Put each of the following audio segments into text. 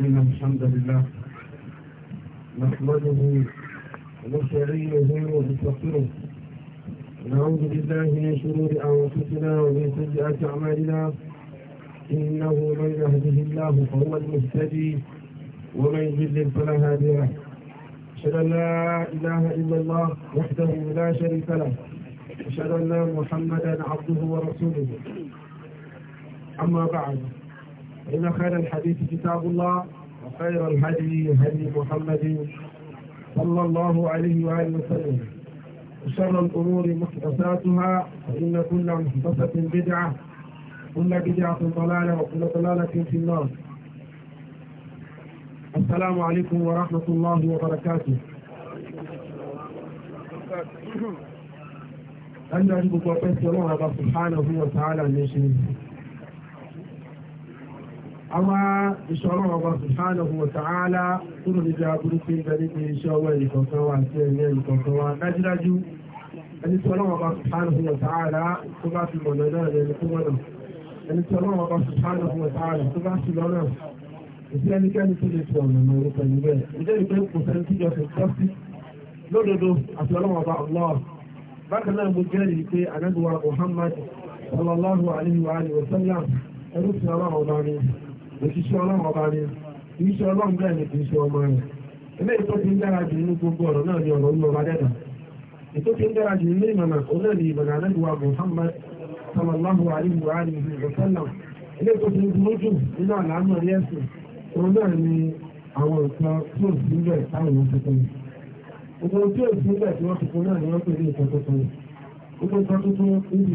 إن الحمد لله نحمده ونستعينه ونستغفره ونعوذ بالله من شرور أنفسنا ومن سيئات أعمالنا إنه من يهده الله فهو المهتدي ومن يضلل فلا هادي له أشهد أن لا إله إلا الله وحده لا شريك له أشهد أن محمدا عبده ورسوله أما بعد إن خير الحديث كتاب الله وخير الهدي هدي محمد صلى الله عليه وآله وسلم وشر الأمور محدثاتها فإن كل محدثة بدعة كل بدعة ضلالة وكل ضلالة في النار السلام عليكم ورحمة الله وبركاته أنا أجب قوة الله سبحانه وتعالى من شيء àwọn ìṣọ́rọ̀ ọba subhanahu wa ta'ala kúrò níbi aburú pé ìgbà nípa iṣẹ́ ọwọ́ ìkọ̀kan wa àti ẹ̀yẹ ìkọ̀kan wa dájúdájú ẹni tí ọlọ́wọ́ ọba subhanahu wa ta'ala tó bá fi mọ̀nà náà lẹ́nu tó mọ̀nà ẹni tí ọlọ́wọ́ ọba subhanahu wa ta'ala tó bá fi lọ́nà ìdí ẹnikẹ́ni tó lè tọ̀ ọ̀nà mọ̀ orúkọ ìlú bẹ́ẹ̀ ìdí ẹnikẹ́ni kò sẹ́ni tí jọ fẹ́ tọ́sí lódodo àti ọlọ́wọ́ ọba Allah bákan náà mo jẹ́rìí pé ànábì wa Muhammad sallallahu alaihi wa alihi wa sallam ẹrú ti ọlọ́wọ́ ọba ni òṣìṣẹ́ ọlọ́run ọba ni kìí ṣe ọlọ́run bẹ́ẹ̀ ni kìí ṣe ọmọ rẹ̀ ilé ìtò ti ń dára jù ọba dẹ́ta ìtò ti ń dára jù nínú ìmọ̀nà ọ̀nà ni ìmọ̀nà alẹ́dùwà Muhammad sallallahu alayhi wa alihi wa sallam ilé ìtò ti ń dúró jù nínú ẹ̀sìn náà ni àwọn nǹkan tí bẹ̀ táwọn gbogbo tí bẹ̀ tí wọ́n náà ni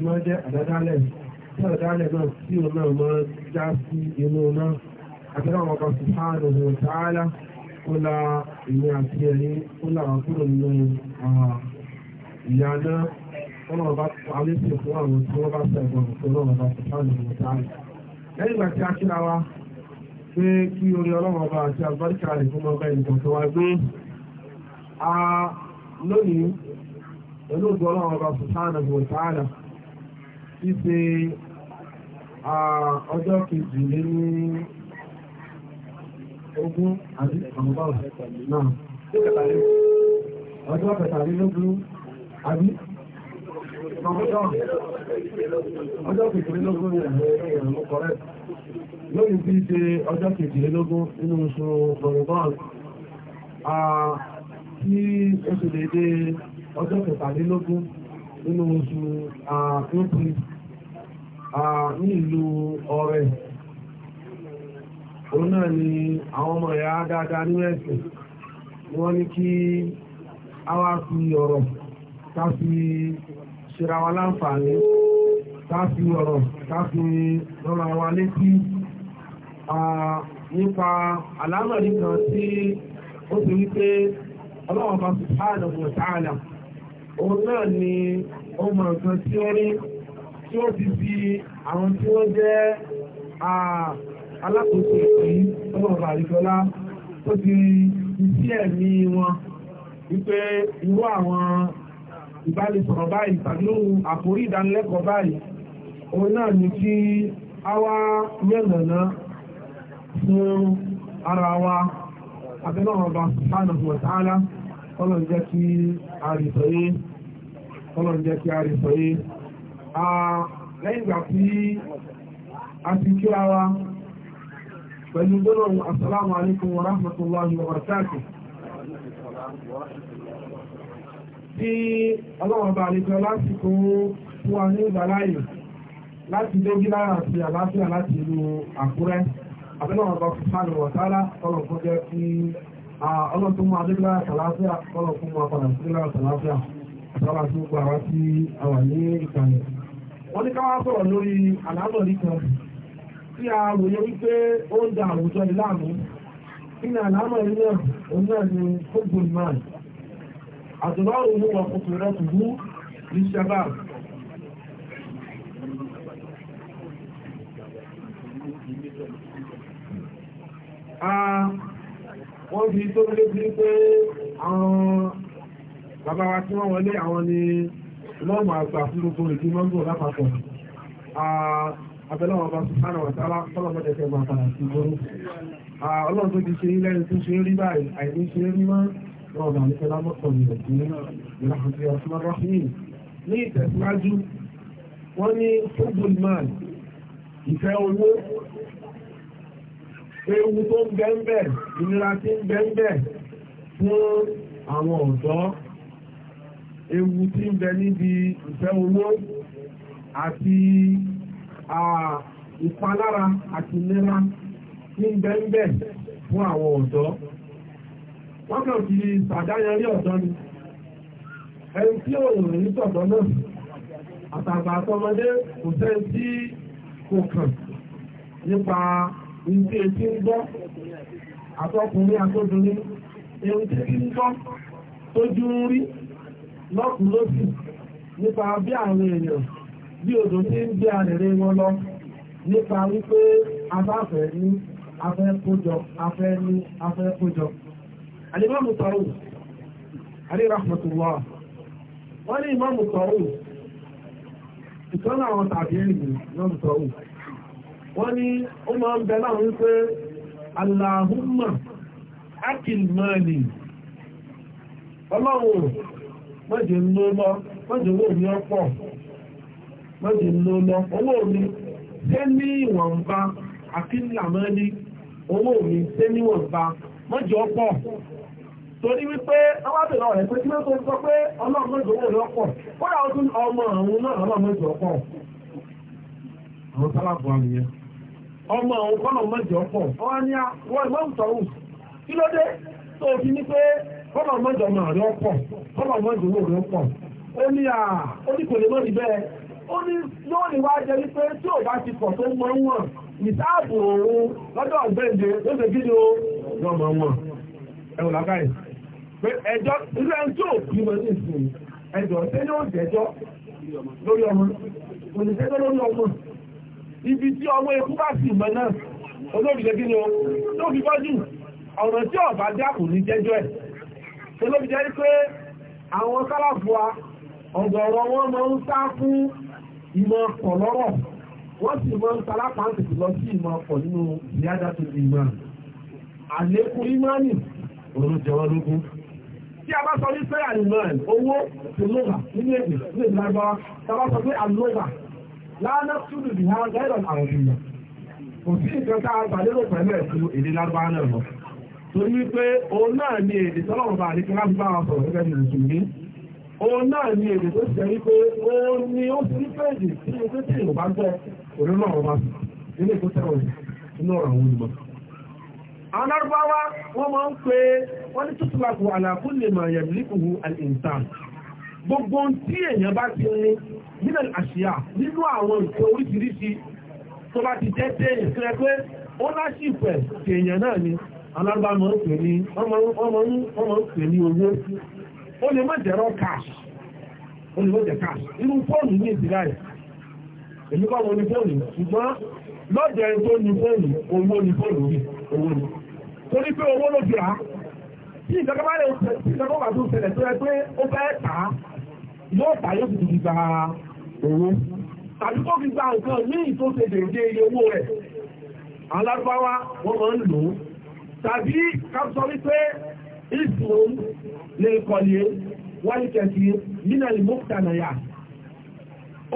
wọ́n pè tí ọ̀dálẹ̀ náà tí o náà mọ́ já sí inú náà àtẹ́láwọn ọba sùhánù hù tààlà ó la ìní àti ẹ̀yìn ó làwọn kúrò nínú ìyá náà wọ́n ọba alẹ́sìn fún àwọn tí wọ́n bá sẹ̀gbọ̀n fún ọba sùhánù hù tààlà lẹ́yìn ìgbà tí a kíra wa pé kí orí ọlọ́wọ́ ọba àti àgbáríkà rẹ̀ fún ọba ẹnìkan tó wá gbé a lónìí ṣíṣe ọjọ́ kejì lé ní ogún àti ọmọbá náà ọjọ́ kẹtàlélógún àbí ọjọ́ kejìlélógún ìrìnàmú kọrẹ́ lórí bí i ṣe ọjọ́ kejìlélógún nínú oṣù ọ̀rọ̀gbọ́n tí oṣù dédé ọjọ́ kẹtàlélógún nínú oṣù àkúnkùnrin nílùú ọrẹ òun náà ni àwọn ọmọ ẹ̀yà dáadáa nínú ẹ̀sìn wọ́n ní kí a wá fi ọ̀rọ̀ ká fi ṣera wa láǹfààní ká fi ọ̀rọ̀ ká fi rọra wa létí nípa kan tí ó ti wípé ọlọ́wọ́n bá fi sáàdọ̀ fún ọ̀tá òun náà ni tí ó ti fi àwọn tí ó jẹ́ alákòóso ìpín ọlọ́ọ̀bà àríkọlá tó ti sí ẹ̀mí wọn wípé irú àwọn ìbánisọ̀rọ̀ báyìí tàbí àkórí ìdánilẹ́kọ̀ọ́ báyìí òun náà ni kí a wá yẹ̀nàná fún ara wa abẹ́lọ́wọ́ bá sánà fún ọ̀tàálá ọlọ́njẹ́ kí a a rí sọ́yé lẹ́yìn ìgbà tí a ti kí ara pẹ̀lú gbọ́nà assalamu alaikum wa rahmatullahi wa barakatuh tí ọlọ́wọ̀bà àlejò láti kó fún wa ní ìgbàláyè láti dégí lára àti àlàáfíà láti ìlú Àkúrẹ́ abẹ́lọ́wọ̀bà fúnfààlù wọ̀tálá ọlọ́kọ́ jẹ́ kí ọlọ́tún mú adégbà àlàáfíà ọlọ́kún mú apàdà sí lára àlàáfíà àtàlà tó wọ́n ní káwá sọ̀rọ̀ lórí àlámọ̀rí kan tí a ròyẹ wípé ó ń da àwùjọ ní nínú àlámọ̀rí náà òun náà ni football man àtúbọ̀ òun wọ̀ kòtò rẹ̀ kò ní sábà wọ́n fi tó lé sí pé àwọn bàbá wa tí wọ́n wọlé àwọn ni ìmọ́mù àgbà fún gbogbo ìdí mọ́mù lápapọ̀ abẹ́lọ́wọ́ bá sùpánà wàtálá tọ́lọ́mọ́dẹ̀kẹ́ máa padà sí gbóró ọlọ́run tó ti ṣe ilẹ́rin tó ṣe rí báyìí àìní ṣe rí mọ́ rọ̀bà ní fẹ́lá mọ́kàn ní ìrìn ìrìnàjò ọ̀sán rọ́fíìn ní ìtẹ̀síwájú wọ́n ní football man ìfẹ́ owó ewu tó ń bẹ́ńbẹ̀ ìnira tí ń bẹ́ńbẹ̀ fún àwọn ọ̀dọ́ ewu tí ń bẹ níbi ìfẹ́ owó àti ìpalára àti ìlera tí ń bẹ ń bẹ fún àwọn ọ̀dọ́ wọ́n kàn fi sàdáyẹrí ọ̀dọ́ ni ẹni tí ò ní sọ̀dọ́ náà àtàgbà àtọmọdé kò sẹ́ni tí kò kàn nípa ìdí etí ń gbọ́ àtọkùnrin àtọ́dúnrin ẹni tí ń gbọ́ tójú ń rí lọ́kùn lókù nípa bí àwọn èèyàn bí odò ní ń gbé arẹ̀rẹ̀ wọn lọ nípa wípé afáfẹ́ ní afẹ́kójọ afẹ́ ní afẹ́kójọ. Àlìmọ́mù Tọ́rù, Àrí Rahmatulwa, wọ́n ní ìmọ́mù Tọ́rù, ìtọ́nà àwọn tàbí ìrìn mọ́jẹ̀ ló lọ mọ́jẹ̀ owó mi ọ̀pọ̀ mọ́jẹ̀ ṣé ní ìwọ̀nba àkínlá mọ́ owó mi ṣé ní ìwọ̀nba mọ́jẹ̀ ọ̀pọ̀ torí wípé alábẹ̀rẹ̀ ọ̀rẹ́ pé kí ló sọ pé owó ọ̀pọ̀ kódà ó tún ọmọ àwọn náà ọ̀pọ̀ ní kọ́lọ̀ mọ́jọ máa rí ọ̀pọ̀ kọ́lọ̀ mọ́jọ ló rí ọ̀pọ̀ ó ní à ó ní kò lè mọ́rí bẹ́ẹ̀ ó ní yóò ní wá jẹ́ wípé tí ò bá ti pọ̀ tó mọ́ wọn ìsáàbò òun lọ́dọ̀ ọ̀gbẹ́ǹde ó ṣe gídí o lọ́mọ wọn ẹ̀wù lákàyè pé ẹjọ́ ilé ẹni tí ò bí wọn ní ìsìn ẹjọ́ ṣé ní ó jẹjọ́ lórí ọmọ kò ní ṣẹjọ́ lórí ọmọ ibi tí ọmọ ikú bá sì mọ náà olóògbé gídí o ló fi bọ́jú ọ̀rọ̀ tí ọ̀bá dá kò ní jẹ́jọ́ ẹ̀ tó ló fi jẹ́ pé àwọn sálàfùwa ọ̀gọ̀rọ̀ wọn máa ń sá fún ìmọ̀ pọ̀ lọ́rọ̀ wọ́n sì máa ń salápa ń tètè lọ sí ìmọ̀ pọ̀ nínú ìyájá tó di ìmọ̀ àlékún ìmọ̀nì òun jẹwọ́ lógún tí a bá sọ wípé àìmọ̀ owó tó lóga nínú èdè ní èdè lágbára tá a bá sọ pé àlóga lánà túdù bí hàn gáìrọ̀ àwọn ènìyàn kò sí nǹkan tá a gbà lérò pẹ̀lú ẹ̀sìn èdè lágbára náà lọ torí pé òun náà ní èdè tọ́lọ́run bá àríkẹ́ láti bá wọn sọ̀rọ̀ gẹ́gẹ́ bí mùsùlùmí òun náà ní èdè tó ṣe rí pé ó ní ó sí péjì tí ó tí ìlú bá gbọ́ òun náà wọ́n bá sùn nílé tó tẹ̀wọ̀n inú ọ̀rọ̀ àwọn olùmọ̀. àwọn arúgbáwá wọ́n máa ń pe wọ́n ní tútù làkù àlàkù lè mọ̀ ẹ̀yẹ̀ líkùú àìǹtà gbogbo tí èèyàn bá ti ní nínú àṣìyà nínú àwọn nǹkan oríṣiríṣi tó bá ti jẹ́ tẹ́yìn fún ẹgbẹ́ ó láṣìpẹ̀ tèèyàn náà ni alárúbá ọmọ ń pè ní owó ó lè má jẹ́rọ cash ó lè má jẹ́ cash irú fóònù ní ìsìlá rẹ̀ èmi kọ́ mo ní fóònù ṣùgbọ́n lọ́jọ́ ẹni tó ní fóònù owó ní fóònù rí owó ni torí pé owó ló fi rà á tí ìjọba bá lè tí ìjọba bá tó ṣẹlẹ̀ tó yẹ pé ó fẹ́ tà á yóò tà yóò fi gba owó tàbí kó fi gba nǹkan ní ìtòsèdè ìdí iye owó rẹ̀ alárúbáwá wọ́n máa ń lò ó tàbí kápsọ wípé islam lè kọlẹ̀ wáyé kẹsì nínà ìmúkànàyà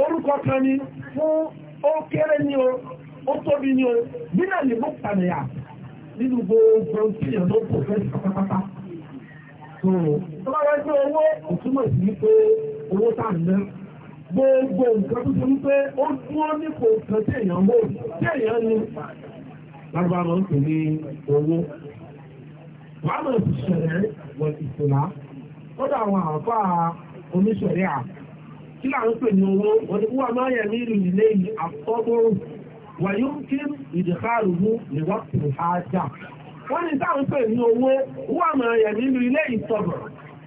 orúkọ kan ni fún ó kéré ní o ó tóbi ní o nínà ìmúkànàyà nínú gbogbo tí èèyàn kò fẹ́ pátápátá tó bá wáyé pé owó òtúmọ̀ sí wípé owó tà gbogbo nǹkan tó ṣe wípé ó dúró nípò nǹkan tí èèyàn mọ̀ tí èèyàn ní lágbà máa ń pè ní owó. Wàá mọ̀ sí ṣẹ̀rẹ̀ wọ̀ ìṣòlá. Lọ́dọ̀ àwọn àfà oníṣẹ̀rẹ̀ à. Kí là ń pè ní owó? Wọ́n ti wúwa máa yẹ ní ìlú ilé yìí àkọ́gbọ́rò. Wàyó kí ìdìkárùn-ún lè wá sí ìhájà. Wọ́n ní táwọn pè ní owó, wúwa máa yẹ ní ìlú ilé ìtọ̀bọ̀.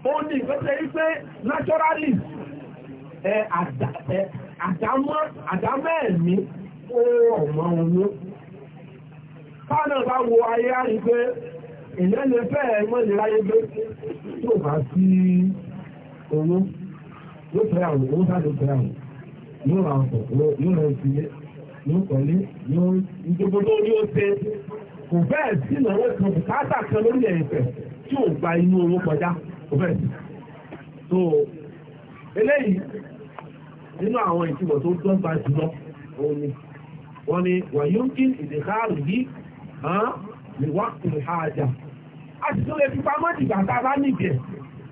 Ó ní ìgbésẹ̀ yìí pé naturally àdámọ́ àdámọ́ ẹ̀mí ó rọ̀ owó. Fáànà bá wo ayé á rí pé ìlẹ́lẹ̀ fẹ́ mọ́ lè ráyé gbé tó bá sí owó ló fẹ́ àwọn owó sáàdé fẹ́ àwọn yóò ra ọkọ̀ yóò rẹ̀ sílé yóò pẹ̀lú yóò ìjọba tó ní ó ṣe kò bẹ́ẹ̀ sí ìnáwó kan bùkátà kan lórí ẹ̀fẹ̀ tí ò gba inú owó kọjá kò bẹ́ẹ̀ sí. so eléyìí nínú àwọn ìtumọ̀ tó dọ́gba jùlọ òun ni wọ́n ni wàyúkín ìdíkàrù yìí lè wá kò lè ha àjà a sì tún lè fi pamọ́ dìgbà tá a bá nìjẹ́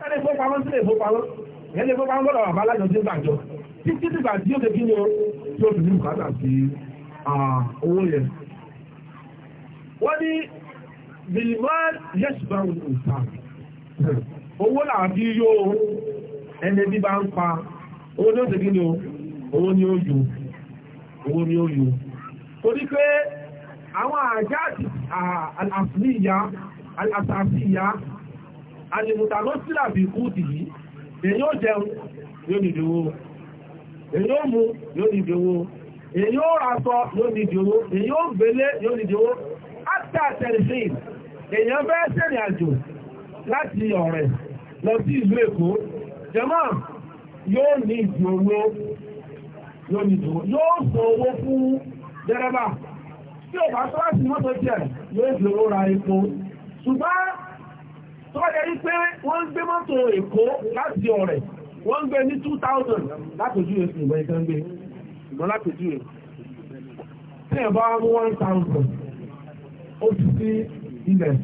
ẹ lè fowópamọ́ sí lè fowópamọ́ ẹ lè fowópamọ́ gbọ́dọ̀ bàbá alájọ tí ó gbàjọ títí dìgbà tí ó kékeré o tí ó dùn ní bùkátà sí owó yẹn wọ́n ní bilimọ́ yẹ́sùbá òǹtà owó làbí yóò ẹni bí bá ń pa owó ní ó ṣe kí ni o owó ní ó yù owó ní ó yù torí pé àwọn àjáàtì àlàfíìyà alàtàfíìyà alìmùtàlọ́sílà bí kú tì yìí èyí ó jẹun yóò ní ìdíwó èyí ó mú yóò ní ìdíwó èyí ó ràtọ yóò ní ìdíwó èyí ó gbélé yóò ní ìdíwó áptà tẹ̀lifíìn èyàn fẹ́ sẹ́rìn àjò láti ọ̀rẹ́ lọ sí ìlú èkó jẹmọ́ yóò ní ìdíwó yóò sọ owó fún dẹ́rẹ́bà tí ò bá tọ́láṣì mọ́tò jẹ́ yóò fi owó ra epo ṣùgbọ́n tọ́jẹ́ rí pé wọ́n ń gbé mọ́tò èkó láti ọ̀rẹ́ wọ́n ń gbé ní 2000 látòjú èsì ìgbẹ́ ìgbẹ́ ìgbẹ́ ìgbọ́n látòjú èsì tí ẹ̀ bá mú 1000 ó ti sí ilẹ̀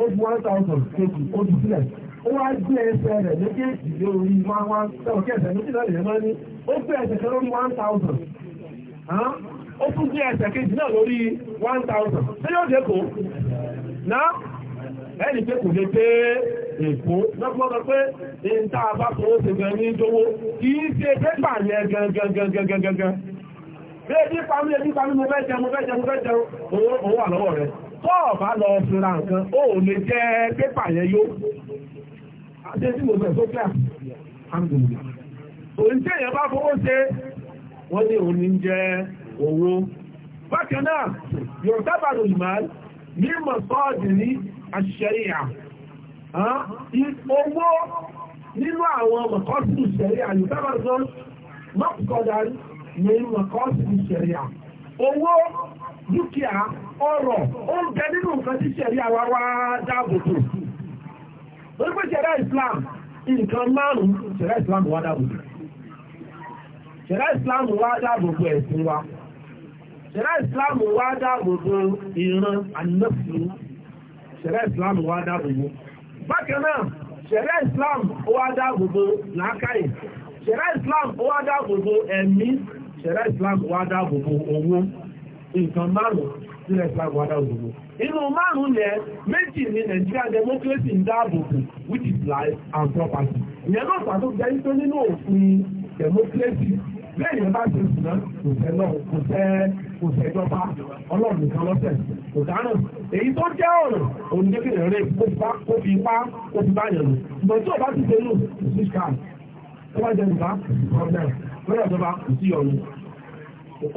ó fi 1000 kejì ó ti sílẹ̀ ó wá gbé ẹsẹ̀ rẹ̀ méjèèjì lórí máa wá tẹ́wọ̀kẹ́ ẹsẹ̀ méjì náà lè máa ní ó gbé ẹsẹ̀ lórí 1000 ó tún jẹ́ ẹsẹ̀ kejì náà lórí 1000 tí yóò dẹ́kò náà ẹni pé kò lè èkó lọ́pọ̀lọpọ̀ pé ní tá a bá ṣe gan ní ìjọwó kì í ṣe pépà rẹ̀ owó bákan náà yorùbá bàrò ìmáàlì ní mọ̀sọ́ọ̀dì ní àṣẹríà owó nínú àwọn mọ̀kọ́sí ìṣẹ̀ríà yorùbá bàrò sọ mọ́kọ̀dà ní mọ̀kọ́sí ìṣẹ̀ríà owó dúkìá ọrọ̀ ó ń bẹ nínú nǹkan tí ṣẹ̀ríà wa wá dáàbòtò wọ́n pẹ́ ṣẹ̀ríà Islam nǹkan márùn-ún ṣẹ̀ríà Islam wá dáàbòtò ṣẹ̀ríà Islam wá dáàbòtò ẹ̀sìn wa ṣẹ̀rẹ́ ìsìláàmù wá dáàbò bo ìran ànínáfù ṣẹ̀rẹ́ ìsìláàmù wá dáàbò bo bákan náà ṣẹ̀rẹ́ ìsìláàmù wá dáàbò bo làákàyè ṣẹ̀rẹ́ ìsìláàmù wá dáàbò bo ẹ̀mí ṣẹ̀rẹ́ ìsìláàmù wá dáàbò bo owó nǹkan márùn-ún sílẹ̀ ìsìláàmù wá dáàbò bo inú márùn-ún lẹ̀ méjì ní Nigeria democracy ń dáàbò bo which is life and property ìyẹn náà pàtó jẹ́ nítorí nínú òfin democracy lẹ́yìn bá ṣe ìṣúná kò fẹ́ náà kò fẹ́ kò fẹ́ jọba ọlọ́run nìkan lọ́sẹ̀ kò dáná èyí tó jẹ́ ọ̀rọ̀ òun rẹ̀ kó fi ipá kó fi bá yẹn ṣùgbọ́n tí ọba ti tẹ́lù kò sí tó bá jẹ ìgbà ọ̀dẹ̀ lọ́dọ̀ ìjọba kò sí ọ̀run.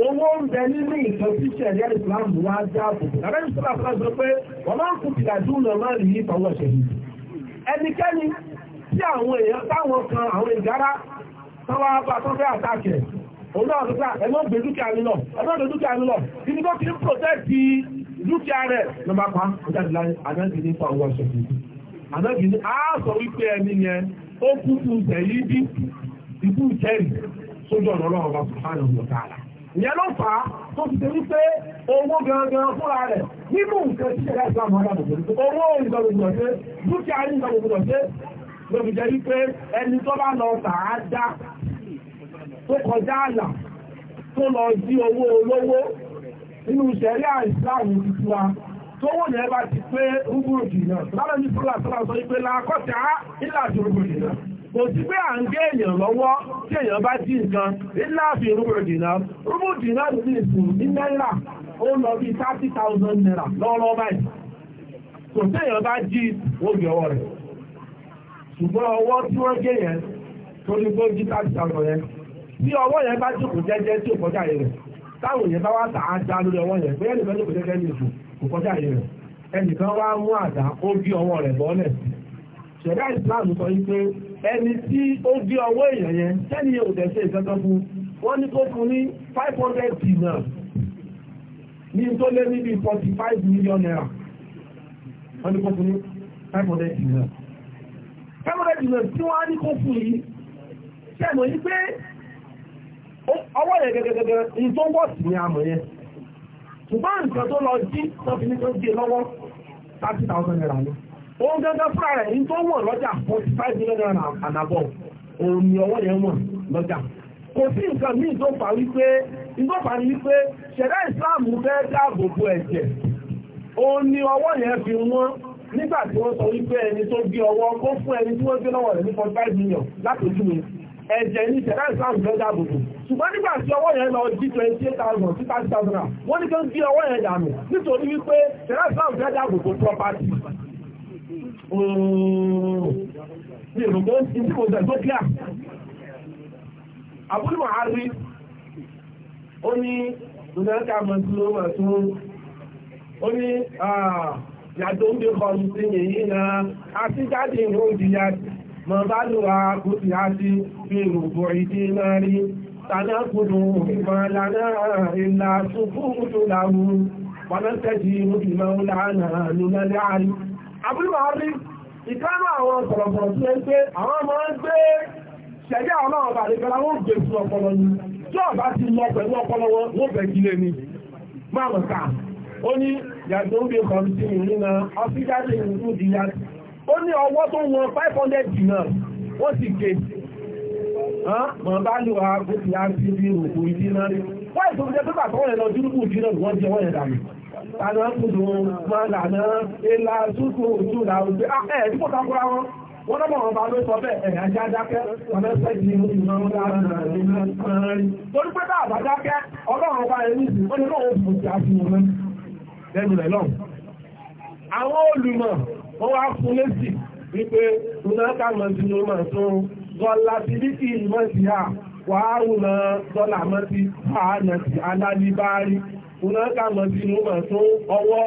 Owó ń nínú ìtàn tí ṣẹ̀rí Islam wá dáàbò. Lábẹ́ ìṣúná fún ẹgbẹ́ pé wọ́n máa ń kú ìdájú náà máa rí ìfọwọ́ ṣẹ̀yìn. Ẹnikẹ́ni tí àwọn èèyàn táwọn kan àwọn ìgárá tọ́wọ́ apá tó fẹ́ àtàkẹ̀ òun náà nípa ẹ̀mọ́ gbé dúkìá mi lọ ẹ̀mọ́ gbé dúkìá ti ń protẹ́tì dúkìá rẹ̀ ló bá pa ìjáde pa owó ọ̀ṣọ́gbé anábì ní á sọ wípé ẹni yẹn ó kú fún tẹ̀yí bí ikú ìkẹrì sójú ọ̀nà ọlọ́run bá sùn fáànù ọ̀gbọ̀n tààlà ìyẹn ló fà á tó ti tẹ̀lé pé owó gangan fúnra rẹ̀ nínú nǹkan tí ẹ̀rẹ́ lóbi jẹ́ wípé ẹni tó bá lọ tààdá tó kọjá àlà tó lọ sí owó olówó nínú ìṣẹ̀rí àìsíláàmù títí wa tó wò ní ẹbá ti pé rúgbùrùdì náà lábẹ́ ní fúlà lákọ́tà ìlàjì náà kò sí pé à ń gé èèyàn lọ́wọ́ tí èèyàn bá nǹkan ìlàjì ní 30,000 naira lọ́wọ́lọ́wọ́ báyìí kò sí èèyàn bá jí ṣùgbọ́n ọwọ́ tí wọ́n gé yẹn tó ní gbó jíta sàrọ̀ yẹn bí ọwọ́ yẹn bá jókòó jẹ́jẹ́ tí ò kọjá yẹn táwọn èèyàn bá wá tà á dá lórí ọwọ́ yẹn bóyá nìkan jókòó jẹ́jẹ́ ní ìfò kò kọjá yẹn rẹ̀ ẹnìkan wá mú àdá ó gé ọwọ́ rẹ̀ bọ́ọ̀lẹ̀ ṣẹ̀dá ìsìláàmù sọ wípé ẹni tí ó gé ọwọ́ èèyàn yẹn sẹ́ni yẹn ò dẹ̀ ṣe ìkankan fún wọ́n ní kó fún ní five hundred billion，ní tó lé níbi forty five million naira wọ́n ní kó fún ní five hundred billion。500 million tí wọ́n á ní kó fún yìí ṣẹ́mọ̀ yí pé ọwọ́ rẹ̀ gẹ́gẹ́gẹ́gẹ́ ní tó ní àmọ̀ yẹn ṣùgbọ́n nǹkan tó lọ jí tọ́fi ní tó gbé lọ́wọ́ 30,000 naira ní ohun gẹ́gẹ́ rẹ̀ ní tó lọ́jà million naira òun ni ọwọ́ yẹn wọ̀n lọ́jà kò sí nǹkan tó fà wípé tó fà ní wípé ṣẹ̀dá fẹ́ dáàbò bo ẹ̀jẹ̀ òun nígbà tí wọ́n sọ wípé ẹni tó gbé ọwọ́ kó fún ẹni tí wọ́n gbé lọ́wọ́ rẹ̀ ní 45 million látòjú mi ẹ̀jẹ̀ ní ìṣẹ̀dá ìsáàmù ló dáàbòbò ṣùgbọ́n nígbà tí ọwọ́ yẹn lọ di 28,000 sí 30,000 wọ́n ní kí ó gbé ọwọ́ yẹn dànù nítorí wípé ìṣẹ̀dá ìsáàmù ló dáàbòbò property yàtọ̀ ń bí kọlu sí yìí náà àti jáde ní òjìyà mọ̀ bá lò wá kó ti á sí fi rògbò ìdí náà rí tànákùnù ìmọ̀lànà ìlà ṣùgbùnkùtù làwù wọnàtẹ́jì ìmọ̀lànà nínàlẹ́ àrí abúlùmọ̀rí ìkánú àwọn sọ̀rọ̀sọ̀rọ̀ tí ó pé àwọn ọmọ ń gbé ṣẹ̀yẹ́ àwọn ọba àríkọ́lá wọ́n gbé fún ọpọlọ ní tí ọba ti lọ pẹ̀lú ọpọlọ wọn wọ́n bẹ̀ kílẹ̀ ni máa mọ̀ káà ó ní yàgbó ń bí kọmítí ìrìnà afíjáde ìlú di ya ó ní ọwọ́ tó wọn 500 dinars wọ́n sì ké mọ̀ bá lò á kó ti àti bí òkú ìdínà rí wọ́n èso jẹ́ pépà tó wọ́n lọ dúrúkú ìdínà wọ́n jẹ́ wọ́n yẹn dànù tàbí wọ́n kùn tó máa lànà ilà súnkù ojú là ó gbé ah, ẹ̀ dípò takura wọn wọ́n lọ́mọ ọba ló sọ bẹ́ẹ̀ ẹ̀ ajá dákẹ́ ọ̀nà ẹ̀fẹ́ ti mú ìmọ̀ lára rẹ̀ torí pé bá àbájákẹ́ ọlọ́run ọba ẹni ìsìn ó ní lóun kò sí àfihàn lẹ́nu rẹ̀ lọ́hùn. Àwọn olùmọ̀ wọ́n wá fún lésì wípé Tunaka Mọ̀tínú máa tún Gọ́lá ti ní kí ìmọ̀ sí à wàáwùnà dọ́là mọ́ sí fàánà sí alálíbárí. Tunaka Mọ̀tínú máa tún ọwọ́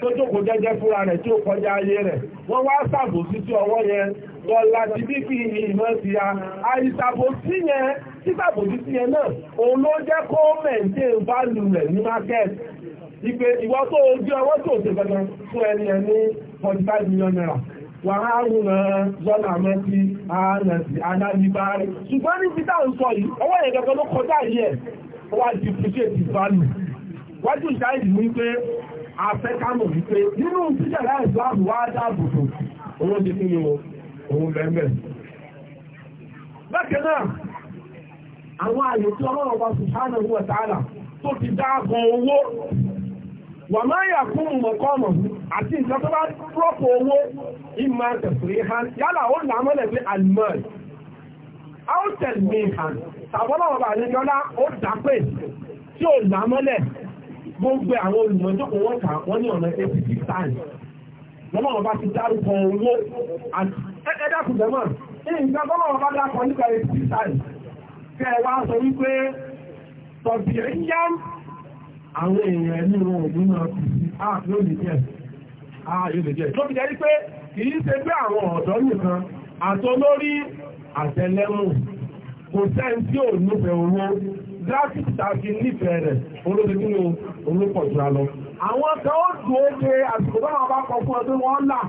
tó jókòó jẹ́jẹ́ fúnra rẹ̀ tí ó kọjá ayé rẹ̀. Wọ́n wá sàbò sí sí ọwọ́ yẹn Gọ́lá ti ní kí ìmọ̀ sí à àìsàbò sí yẹn títàbò sí yẹn náà òun ló jẹ́ kó mẹ̀ǹtẹ̀ válù rẹ̀ wípé ìwọ́ tó ojú ọwọ́ tó ṣe gbẹ̀gbẹ̀ fún ẹni ẹ̀ ní 45 million naira wà á rùn náà lọ́nà mẹ́sí àánàsì anáyíbárí ṣùgbọ́n ní títà ń sọ yìí ọwọ́ yẹn gẹ́gẹ́ ló kọjá yìí ẹ̀ wá di fúṣẹ́ ti bánu wájú ìṣáìdì wípé afẹ́kánù wípé nínú títà láì ìsìláàmù wá dáàbò tó owó ti fún yóò òun bẹ́ẹ̀ bákan náà àwọn àyè tí ọlọ́run wa sùhánà wọ̀ tààlà tó ti dáàbò owó wà máa yà fún mọ̀kọ́nà àti nǹkan tó bá rọ́pò owó ìmọ̀ tẹ̀sìrì han yálà ó là mọ́lẹ̀ pé alimọ́n outel mi han tàbọ́lọ́wọ́ bá ní lọ́lá ó dápé tí ó là mọ́lẹ̀ gbogbo àwọn olùmọ̀jọ́kọ̀ wọ́n kà wọ́n ní ọ̀nà apc times lọ́mọ̀wọ́ bá ti dárúkọ owó ẹ̀ẹ́dẹ́kùnjẹ́mọ̀ nǹkan tọ́lọ́wọ́ bá dákọ̀ nípa apc times kẹ́ wá sọ wípé tọ̀bìrì yám àwọn èèyàn ní wọn òní máa kù sí ààrẹ òní jẹ́ ààrẹ òní jẹ́ tó fi jẹ́ pé kìí ṣe pé àwọn ọ̀dọ́ nìkan àtọlórí àtẹlẹ́mù kò sẹ́ni tí ò nífẹ̀ẹ́ owó gráfíìsì tàbí nífẹ̀ẹ́ rẹ̀ olóògbé nínú olóòpọ̀ àwọn kan ó dùn ó ṣe àsìkò báwọn bá kọ fún ọdún wọn là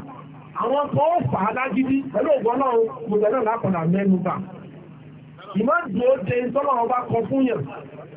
àwọn kan ó fà á lágídí pẹ̀lú ògbọ́n náà kò mẹ́nu bà ìmọ̀ dùn ó ṣe tọ́lọ́wọ́n bá kọ fún yàn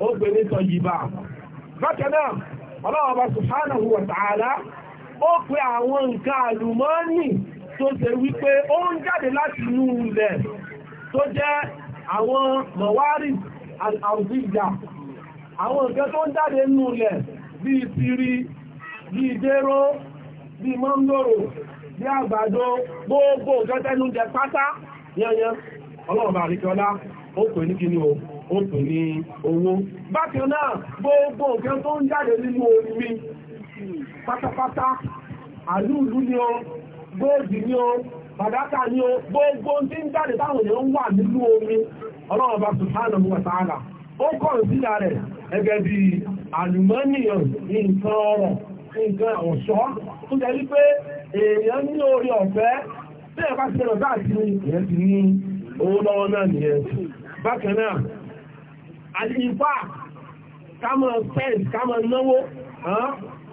o gbé ní sọ yìí bá bákan ó pé àwọn nǹkan àlùmọ́ọ́nì tó ṣe wípé ó ń jáde láti inú ilẹ̀ tó jẹ́ àwọn mọ̀wárì àrùsíjà àwọn nǹkan tó ń jáde inú ilẹ̀ bí gbogbo nǹkan tẹ́nu jẹ pátá yẹnyẹn ọlọ́ọ̀bà àríkọlá ó pè ní kíní o ó tún ní owó bákan náà gbogbo nǹkan tó ń jáde nínú omi pátápátá àlúùlú ni ó góòdì ni ó fàdákà ni ó gbogbo tí ń jáde táwọn èèyàn wà nínú omi ọlọ́run bá subhanahu wa ó kọ̀ sí rẹ̀ ẹgẹ́ bí àlùmọ́nìyàn nǹkan nǹkan ọ̀ṣọ́ àlìfà kámọ̀ spend kámọ̀ náwó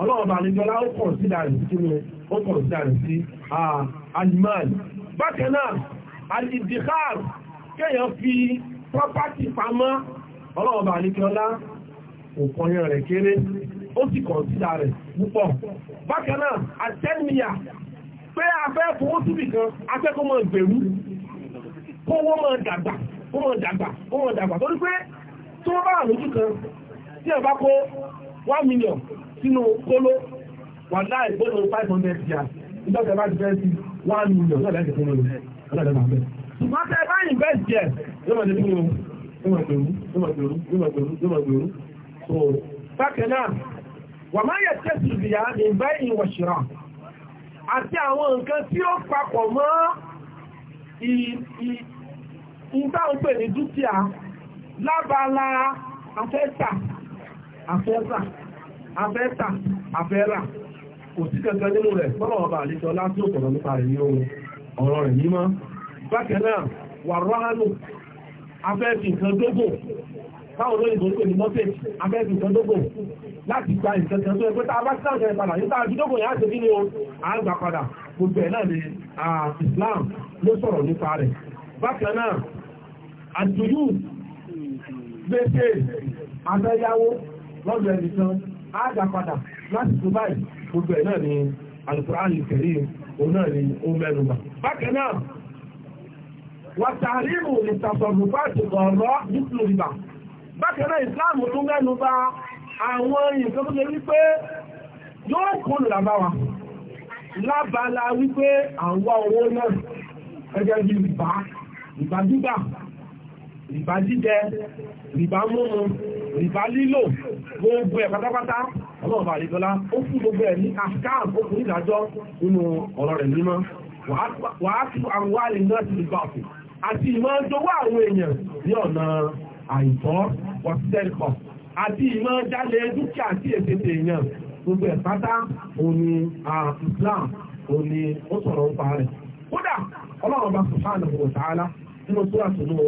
ọlọ́ọ̀bà àlejọ́lá ó kọ̀ sí dàrí sí mi ó kọ̀ sí dàrí sí alimani bákan náà alìdìkár kéèyàn fi property pamọ́ ọlọ́ọ̀bà àlejọ́lá òkànyàn rẹ̀ kéré ó sì kọ̀ sí dàrí púpọ̀ bákan náà àtẹ́mìyà pé afẹ́ fowó síbì kan afẹ́kọ́ mọ̀ gbèrú kówó mọ̀ dàgbà kó mọ̀ dàgbà kó mọ̀ dàgbà torí pé tó bá wà lójú kan tí ẹ bá kó one million sínú kóló wà láì gbọ́dọ̀ five hundred yà nígbà tí ẹ bá ti fẹ́ sí one million náà lẹ́sẹ̀ kóló ọlọ́dẹ máa bẹ̀. ṣùgbọ́n tẹ bá invest yẹ yóò máa débi o yóò máa gbèrú yóò máa gbèrú yóò máa gbèrú yóò máa gbèrú. so bákan náà wà máa yẹ tẹ́sí ìdìyà ní báyìí wọ̀ ṣìrà àti àwọn nǹkan tí ó papọ̀ mọ́ ìtàn pè ní dúkìá lábala afẹ́ta afẹ́ta afẹ́ta afẹ́ra kò sí kankan nínú rẹ̀ tọ́lọ̀ ọba àlejò láti òkọ̀rọ̀ nípa rẹ̀ ní ohun ọ̀rọ̀ rẹ̀ mímọ́ bákanáà wà rọ́hánù afẹ́ẹ̀fì nǹkan dógò báwọn olóyìnbó ń pè ní mọ́tẹ̀ẹ̀tì afẹ́ẹ̀fì nǹkan dógò láti gba nǹkan kan tó ẹgbẹ́ tá a bá sáà jẹ́ padà nípa àti dógò yá ṣe kí ni o à ń gbà padà gbogbo ẹ̀ náà ni Islam ló sọ̀rọ̀ nípa rẹ̀ bákanáà àjòyù gbèsè abẹ́yáwó lọ́dọ̀ ẹni tán ága padà láti tó báyìí gbogbo ẹ̀ náà ni Al-Qur'an Al-Karim òun náà ni ó mẹ́nu bà. bákan náà wọ́n tààrímù ìtàsọ̀rù fáàtì ọ̀rọ̀ nítorí rìbà bákan náà ìsìláàmù tún mẹ́nu bà àwọn nǹkan tó ṣe wípé yóò kún làbá lábala wípé àwọn owó náà ẹgbẹ́ bíi ìbá ìbá rìbá jíjẹ rìbá múmu rìbá lílò gbogbo ẹ̀ pátápátá ọlọ́ọ̀bà àríkọlá ó fún gbogbo ẹ̀ ní afghan ó fún ìdájọ́ nínú ọ̀rọ̀ rẹ̀ mímọ́ wàá fún àwọn wáàlì náà ti rìbá ọ̀fẹ́ àti ìmọ̀ jọ̀wọ́ àwọn èèyàn ní ọ̀nà àìtọ́ wọ́sítẹ́lìkọ̀ àti ìmọ̀ jálẹ̀ dúkìá sí ètètè èèyàn gbogbo ẹ̀ pátá òní Islam òní ó sọ̀rọ̀ ń pa rẹ̀ kódà ọlọ́run bá sùn fáànù wọ̀ sáálá nínú tó àtúnú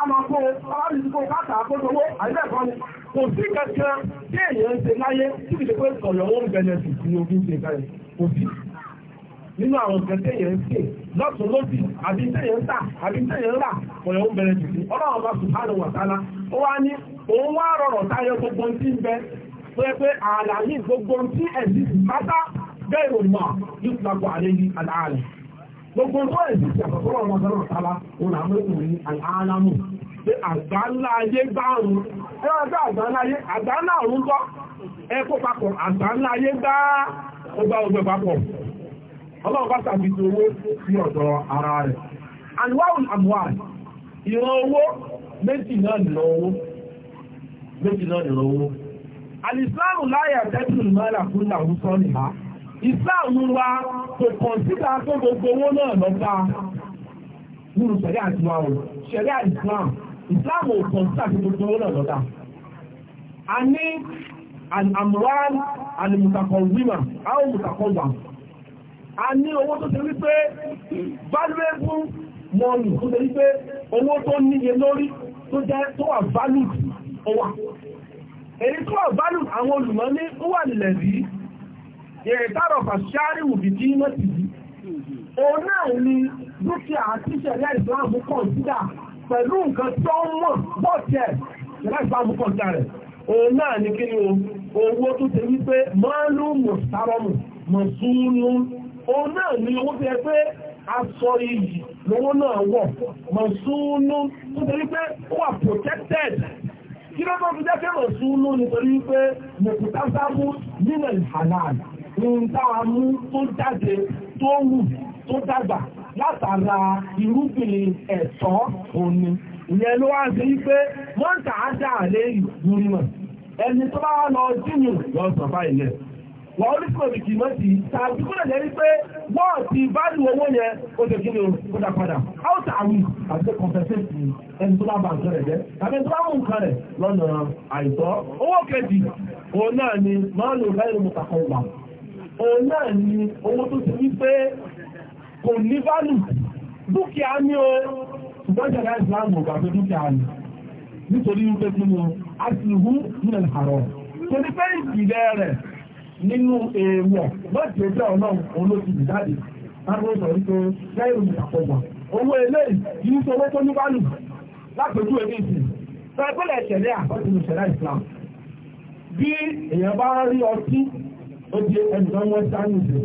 Àmọ̀kó alábìsíkò káàkà àkójọwó Nínú àwọn ń lọ́tún àbí ń tà, àbí ń rà, bẹ̀rẹ̀ sí. Ọlọ́run bá sùn wà Ó wá ní òun wá rọrọ̀ gbogbo tí ń bẹ gbogbo tí gbogbo tó ẹ̀sì tí àkọ́kọ́ ọmọ ọ̀dọ́rọ̀ tàbá òun àmọ́kùnrin aláàmù pé àgbáńláyé gbáàrùn ẹwọ́gbá àgbáńláyé àgbáńláàrùn kọ́ ẹkọ́ ọgbà ọgbà papọ̀ ọlọ́run bá owó sí ọ̀dọ̀ ara rẹ̀ ìran owó ìsáàmù wa kò kàn síta tó gbogbo owó náà lọ́gbà nínú sẹ̀rí àtiwá o sẹ̀rí àìsàn ìsáàmù ò kàn síta tó gbogbo owó náà lọ́gbà. a ní àmúwán àlùmùtàkọ̀ wímà àwọn mùtàkọ̀ wà a ní owó tó ti rí pé valuable money tó ti rí pé owó tó níye lórí tó jẹ́ tó wà value ó wà èyí tó wà value àwọn olùmọ́ ní ó wà nílẹ̀ yìí ìrìtàrọ̀ fàṣáríwù bí tí mọ́ ti yìí òun náà ni dúkìá tíṣẹ̀lẹ̀ ìsìláàmù kọ̀ǹsídà pẹ̀lú nǹkan tó ń mọ̀ bọ́ọ̀tì ẹ̀ ìṣẹ̀lẹ̀ ìsìláàmù kọ̀ǹsídà rẹ̀ òun náà ni kí ni owó tó ti wí pé mọ́ọ́lù mọ̀sárọ́mù mọ̀súnú òun náà ni owó ti ẹ pé aṣọ iyì lówó náà wọ̀ mọ̀súnú tó ti wí pé ó wà protected kí ló tó fi jẹ́ pé mọ̀súnú nítorí wípé mọ̀kútà sábú nínú ìhàlàlà ní táwa mú tó jáde tó wù tó dàgbà látara irúgbìn ẹ̀tọ́ òní ìyẹn ló wá sí wípé wọ́n tà á dà lé ìgbìmọ̀ ẹni tó bá wá lọ jìnnì lọ sọ báyìí wọ́n ó lùkọ̀ bìkì mọ́ sí tàbí kó lè pé wọ́n ti bá lu owó yẹn ó jẹ́ kí ó dá padà how to awi àti compensate ẹni tó bá ba nǹkan rẹ̀ jẹ́ tàbí tó bá mú nǹkan rẹ̀ lọ́nà àìtọ́ owó kejì òun náà ni máa lò láìlú mọ́tàkọ́ ìgbà òun náà ni owó tó ti wípé kò ní válù dúkìá ní o ìgbọ́jọ̀dá ìsìláàmù ògbàgbé dúkìá ni nítorí wípé tí mo aṣìlú nílẹ̀ àrọ̀ tó ní pé ìpìlẹ̀ rẹ̀ nínú èèwọ̀ láti ẹgbẹ́ ọlọ́run olóṣìlú jáde lágbóòsọ̀ wípé lẹ́yìn olùdàpọ̀gbà owó ilé yìí tó owó tó ní válù lápẹjú ẹbí ìsìn sọ ẹgbẹ́lẹ̀ ìṣẹ̀lẹ̀ àkọ́sílù ìṣẹ̀lẹ̀ ìsìláàmù bí èèyàn bá rí ọtí ó di ẹnìkan wọ́n dání ìṣe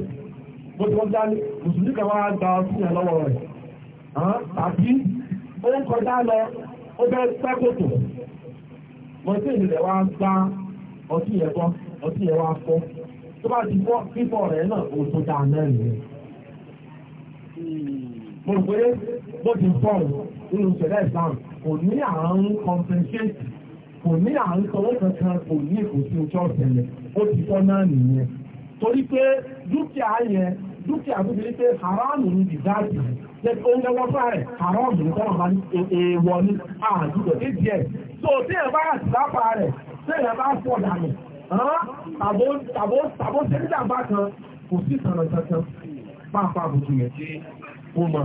bó ti wọ́n dání mùsùlùmí kan wá gba ọtí yẹn lọ́wọ́ rẹ̀ tàbí ó ń kọjá lọ ó bẹ́ sẹ́kòtò mọ̀tíìnì rẹ̀ wá gbá ọtí yẹn bọ́ ọtí yẹn wá fọ́ tó bá ti fọ́ fífọ́ rẹ̀ náà ó tó dáa mẹ́rin rẹ̀ mo rò pé bó ti fọ́ nínú ìṣẹ̀lẹ̀ Islam kò ní àrùn compensate kò ní àrùn kọ́wọ́ kò ní èkó ojú ọ̀sẹ̀ rẹ̀ ó ti fọ́ náà nìyẹn torí pé dúkìá yẹn dúkìá tó ti rí pé haramu ní dìzáàtì lẹ́tí oúnjẹ wọ́n fún ààrẹ haramu ní kọ́nà máa ní èèwọ̀ ní àdúgbò tí díẹ̀ so tí ẹ̀ bá àti lápá rẹ̀ tí ẹ̀ bá fọ̀ dànù tàbó ṣe níjàmbá kan kò sí ìtànà kankan pàápàá àbùkù yẹn tí ó mọ.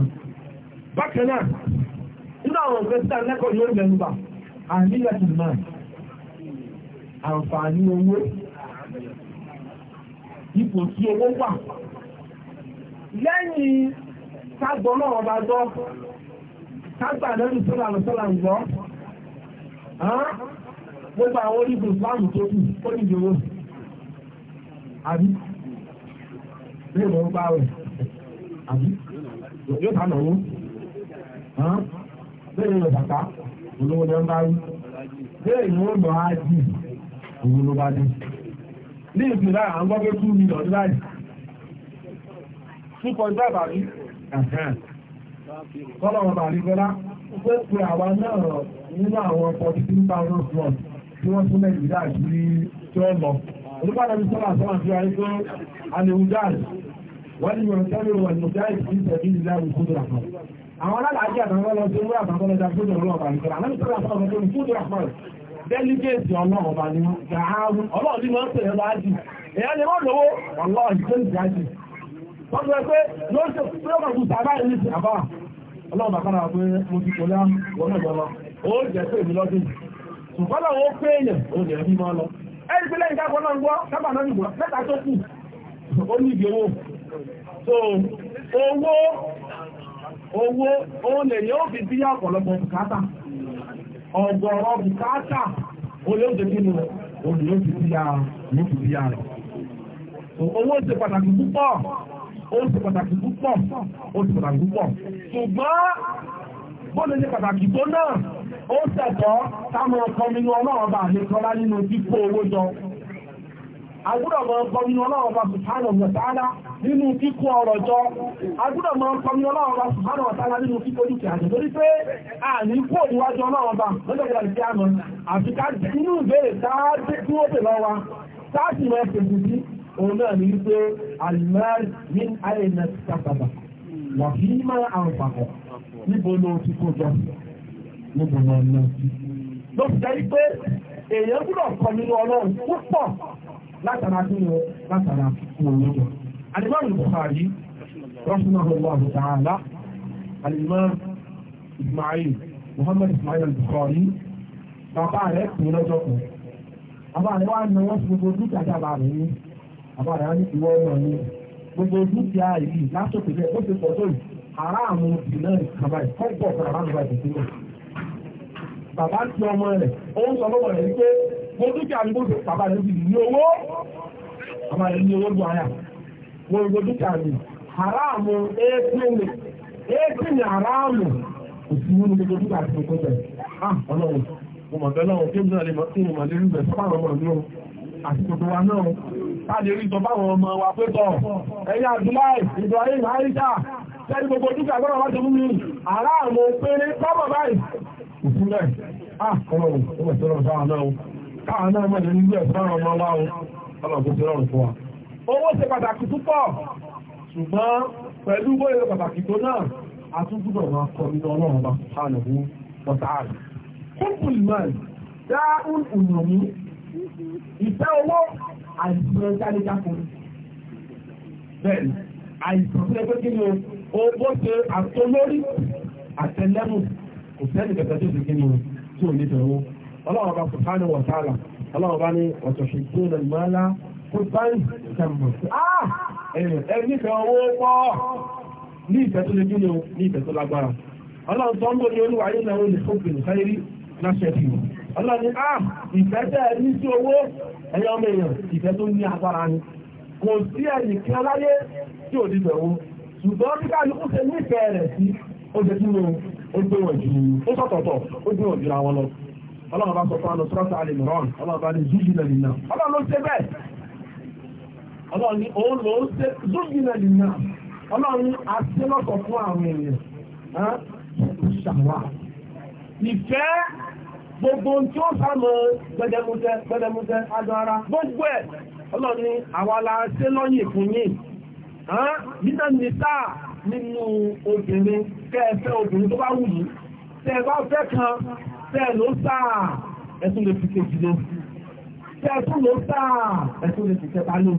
bákan náà nínú àwọn nǹkan tí àlẹ́kọ̀ọ́ yóò mẹ́nu bà àníyàn ti náà àǹfààní owó ipò tí owó wà lẹ́yìn kágbọ́ náà bá gbọ́ kágbà lẹ́nu sọ́là ń gbọ́ gbogbo àwọn onígun ìsìláàmù tó kù ó ní ìdíwó àbí lè mọ̀ bá rẹ̀ àbí yóò ta nà wọ́n bẹ́ẹ̀ lọ bàtà olówó lẹ́ bá rí bẹ́ẹ̀ ni wọ́n lọ bá dé ní ìpínlá àwọn gbọ́gbé 2 million láì 2.5 àbí kọ́lọ̀wọ̀n bàrí gọ́lá pé pé àwa náà nínú àwọn 43,000 plus tí wọ́n tún nàìjíríà sí tí ó lọ olùpàdé ní sọ́lá sọ́lá sí ayé pé alèwùdáàlì wọ́n ni yọ̀rọ̀ tẹ́lẹ̀ wọ̀ ní jáì sí ìtẹ̀bí ìlà ìkúdùrà kan àwọn alálàájì àtàwọn ọlọ́dún wọ́n àtàwọn ọlọ́dún fúdùrà lọ́wọ́ bàrí gọ́lá délígéètì ọlọ́run ọba ní gàárù ọlọ́run ní wọ́n tẹ̀lé bá jì èyà lè wọ́n lówó ọlọ́run tó ń jáde wọ́n tẹ́ pé lóṣèlú tó yọ́ sàbá ìlú sí àbá ọlọ́run pé mo ti kò ó jẹ́ lọ́dún ọ̀gọ̀rọ̀ bùkátà olóòjẹ́ nínú olóòjẹ́ sí ya lóòjẹ́ sí ya rẹ̀. Owó ṣe pàtàkì púpọ̀, ó ṣe pàtàkì púpọ̀, ó ṣe pàtàkì púpọ̀. Ṣùgbọ́n bóde ṣe pàtàkì tó náà, ó ṣẹ̀tọ́ táwọn ọkọ̀ nínú ọlọ́run bá àlekọ́lá nínú kíkó owó jọ agbúdọ̀ máa ń pọmí ọlọ́ọ̀bá sùhánà wọ̀tálá nínú kíkó ọrọ̀ jọ agbúdọ̀ máa ń pọmí ọlọ́ọ̀bá sùhánà wọ̀tálá nínú kíkó dúkìá jẹ torí pé a ní kó níwájú ọlọ́ọ̀bá lọ́jọ́gbà ìfẹ́ àmọ́ àti ká inú ìbéèrè sáájú tí ó tẹ̀lọ́ wa sáájú mọ́ ẹ̀sẹ̀ sí òun náà ní wípé alimari ní àìyẹnẹ kàkàbà wà fi máa àǹfààkọ̀ níbo ló ti kó jọ níbo ló ń lọ èèyàn gbúdọ̀ kọ nínú ọlọ́run púpọ̀ látara tó lọ látara òun lọ. alimami Bukhari rahimahullah ta'ala alimami Ismail Muhammad Ismail al-Bukhari bàbá rẹ̀ pè lọ́jọ́ kan bàbá rẹ̀ wá na wọ́n fi gbogbo dúkìá dábà rẹ̀ ní bàbá rẹ̀ á ní ìwọ ọmọ ní gbogbo dúkìá yìí lásòkè bẹ́ẹ̀ ó ti pọ̀ tó yìí bàbá ti ọmọ rẹ̀ ó sọ fọ́mọ rẹ̀ wípé mo dúkìá ní bàbá rẹ̀ ní owó bàbá rẹ̀ ní owó lu ara mo ń gbogbo dúkìá haramu éèpínì haramu kò sí nínú gbogbo dúkìá ti ah, ọlọ́run mo mọ̀ bẹ́ẹ̀ lọ́wọ́ kéwìn náà mi o àti pé tọ̀ ẹ̀yà báyìí ìfúnlẹ̀ àkọlọ̀wọ̀ ah, ọmọ̀sọ́lọ̀ sáà náà káà náà mọ̀ nínú ẹ̀ fún àwọn ọmọ ọlọ́run fún wa owó ṣe pàtàkì púpọ̀ ṣùgbọ́n pẹ̀lú bóyẹ pàtàkì tó náà a tún gbúdọ̀ máa kọ nínú ọlọ́run bá sáàlẹ̀ fún pọ̀tààrì kúmpùlì máa dá ń ìrìn òní ìfẹ́ owó àìsàn jáde-jáko bẹ́ẹ̀ àìsàn tó ẹgbẹ́ kí ni owó ṣe àtolórí àtẹlẹ́mù kò sẹ́ni kẹta tó ti kí ni tí ò ní tẹ̀wọ́ ọlọ́wọ́ bá subhanahu wa ta'ala ọlọ́wọ́ bá ní ọ̀tọ̀ ṣe tó lẹ́nu máa lá kó báyìí kẹmọ̀ ẹ nífẹ̀ẹ́ owó pọ̀ ní ìfẹ́ tó lè kí ni ní ìfẹ́ tó lágbára ọlọ́run tó ń bọ̀ ní olúwa yìí náà ó lè fún bìnú sáyérí láṣẹ fi wọ̀ ọlọ́run ní à ah! ìfẹ́ tẹ́ ẹ ní sí owó ẹ̀yọ́ ọmọ èèyàn ìfẹ́ ó gbé wọn jù ó sọ̀tọ̀tọ̀ ó gbé wọn jùra wọn lọ ọlọ́run bá sọ fún àlọ́ sọ́tà àlè mìíràn ọlọ́run bá ní zújì náà nìyà ọlọ́run ló ṣe bẹ́ẹ̀ ọlọ́run ní òun ló ṣe zújì náà nìyà ọlọ́run àṣelọ́sọ̀ fún àwọn èèyàn ṣàwà ìfẹ́ gbogbo tí ó sàmọ́ gbẹdẹmútẹ gbẹdẹmútẹ adọ ara gbogbo ẹ̀ ọlọ́run ní ṣe lọ́yìn fún yìí nínú obìnrin kẹ́ẹ̀fẹ́ obìnrin tó bá wù yìí tẹ́ bá fẹ́ kan tẹ́ ló sáà ẹ̀tún lè fi kejì lọ tẹ́ tún ló sáà ẹ̀tún lè fi kẹta lọ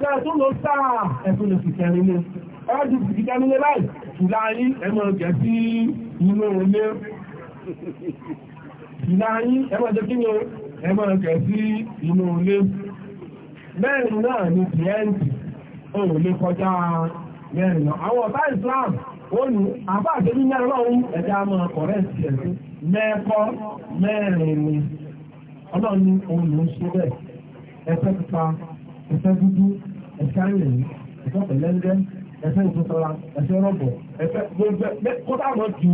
tẹ́ tún ló sáà ẹ̀tún lè fi kẹrin lọ ọdún ti fi kẹrin lọ láì tùláyí ẹmọ jẹ́ sí inú ilé tùláyí ẹmọ jẹ́ kí ni ẹmọ jẹ́ sí inú ilé bẹ́ẹ̀ náà ni tìẹ́ǹtì òun lè kọjá mẹ́rin lọ àwọn ọ̀tá Islam ó ní àbá àtẹ́bí mẹ́rin lọ́wọ́ ẹ̀dá mọ́ ọ̀rẹ́ ìṣẹ̀lẹ̀ mẹ́ẹ̀kọ́ mẹ́rin ni ọlọ́run ní òun ló ń ṣe bẹ́ẹ̀ ẹ̀fẹ́ pupa ẹ̀fẹ́ dúdú ẹ̀fẹ́ ayẹyẹ ẹ̀fẹ́ pẹ̀lẹ́ńgẹ́ ẹ̀fẹ́ ìtútọ́ra ẹ̀fẹ́ rọ̀bọ̀ ẹ̀fẹ́ gbogbo kódà mọ́ ju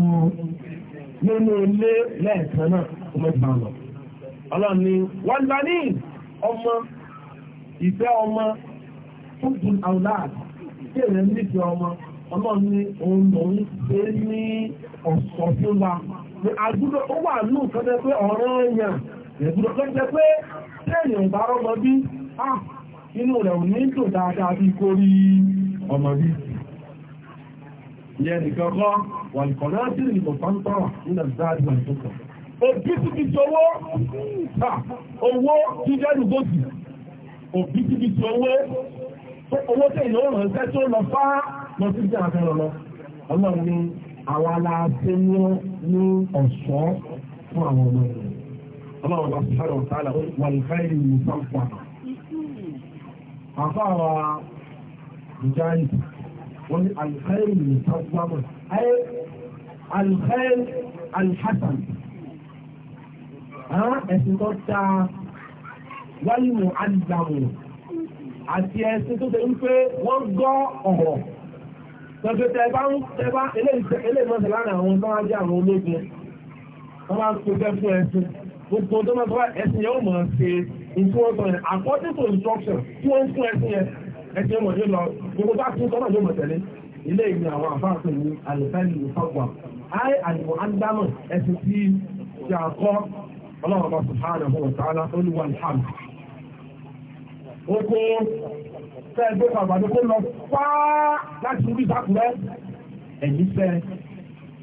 nínú ilé lẹ́ẹ̀kan náà ó mẹ́ta lọ ọlọ́run ní wọ́n gbà ní ọmọ ìfẹ́ ọmọ fúdùn àwùláàdì tí èèyàn ọmọ ọlọ́run òun lòun ṣe ní ọ̀sọ̀ tó wa ní agbúdọ̀ ó wà ní nǹkan pé ọ̀rọ̀ èèyàn ìgbúdọ̀ tó pé tẹ́yìn bá rọ́mọ bí á inú rẹ̀ ò ní tò dáadáa bí kó rí ọmọ bí ìyẹn nìkan wà nìkan pé owó tẹ̀ ìlú òrùn ẹ̀sẹ̀ tí ó lọ fá lọ sí ìjọba fẹ́ lọ lọ. ọlọ́run ni àwa la ṣe ní ní ọ̀ṣọ́ fún àwọn ọmọ rẹ̀. ọlọ́run bá sọ̀rọ̀ sálà wà ní káyìrì ní sáǹpà. àfáàwà ìjà wọ́n ní àlùkáyìrì ní sáǹpà ayé àlùkáyìrì àlùhásàn. ẹ̀sìn tó ta wálé mu àti ẹ̀sìn tó ṣe wípé wọ́n gọ́ ọ̀rọ̀ tọ́jú tẹ bá ń tẹ bá eléyìí mọ́sẹ̀ láàrin àwọn tó wá jẹ́ àwọn ológun wọ́n bá ń pèsè fún ẹ̀sìn gbogbo tó máa tọ́wọ́ ẹ̀sìn yẹn ó mọ̀ ṣe ìfowópamọ́ yẹn according to instruction tí wọ́n ń fún ẹ̀sìn yẹn ẹ̀sìn yẹn mọ̀ yóò lọ gbogbo bá tún tọ́nà yóò mọ̀ tẹ̀lé ilé ìgbìn àwọn àfáàfẹ́ ní àlùfẹ́lì ìfọ́gbà áì àlùfò ádámọ̀ ẹ̀sìn tí ti àkọ́ ọlọ́run ọba sùhánà fún ọ̀tá oko tẹ́ẹ̀gbé kan àgbàdo lọ pàá láti orí ìdákùnrẹ́ ẹ̀yìn fẹ́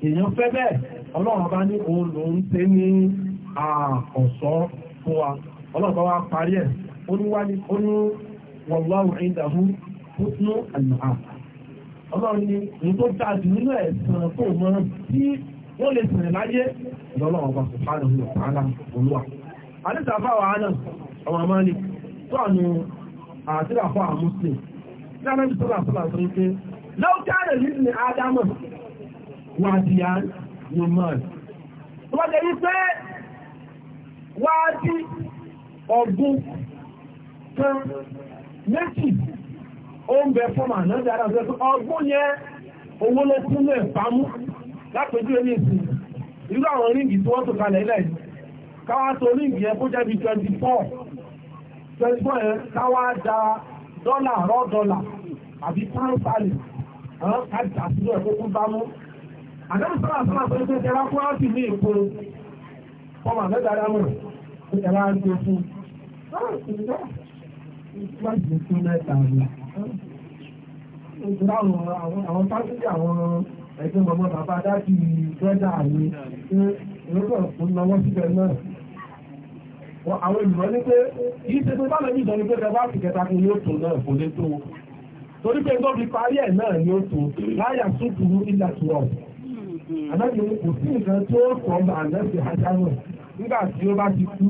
èèyàn fẹ́ bẹ́ẹ̀ ọlọ́run bá ní òun lòún ṣe ní fún wa ọlọ́run bá wá parí ẹ̀ ó ní ní ọlọ́run tó dáa jù nínú tó mọ tí wọ́n lè sìn láyé lọ́lọ́run bá kò fáwọn tọ́ọ̀nù àdúrà fún àwọn muslim dáná bí sọ́lá sọ́lá sọ pé lọ́kàrẹ̀ yìí ni ádámọ̀ wà di à ní mọ́ọ̀n tó bá jẹ́ wípé wá di ọ̀gbun kan méjì ó ń bẹ fọ́mà náà dára sọ pé ọ̀gbun yẹn owó ló kún lẹ̀ pamú lápẹjú ẹni ìsìn irú àwọn ríǹgì tí wọ́n tó kalẹ̀ ilẹ̀ yìí káwá tó ríǹgì yẹn kó jẹ́ bí 24 ìjọsọ́ ẹ̀ káwá da dọ́là rọ́ dọ́là àbí pánpálì àwọn káàdì àtijọ́ ìkókún bá mú. Àdáwò sọ́lá sọ́lá sọ́lá pé tẹ́lá kó áàtì ní èkó ọmọ àgbẹ́gbẹ́ dámù pé tẹ́lá ń tó fún. Láti fún mẹ́ta rẹ̀. Ìjọba àwọn pásítì àwọn ẹgbẹ́ mọ̀mọ́ bàbá dájú ìgbẹ́dà mi ní ìrọ́pọ̀ fún lọ́wọ́ síbẹ̀ náà àwọn ìmọ̀ ní pé yìí ṣe pé bá lẹ́bí ìdán ní pé bá sì kẹta fún yóò tó náà kò lè tó torí pé tó fi parí ẹ̀ náà ni ó tó láyà súnkúrú ilà tó ọ̀ àdájọ́ kò sí nǹkan tí ó sọ ọmọ àlẹ́sì àjánù nígbà tí ó bá ti kú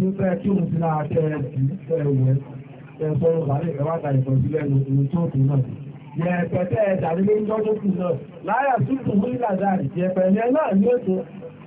ní pé kí òun ti lára tẹ ẹ jù tẹ ẹ wẹ ẹ sọ ọ̀rọ̀ àlẹ́ ní ẹ náà láyà súnkúrú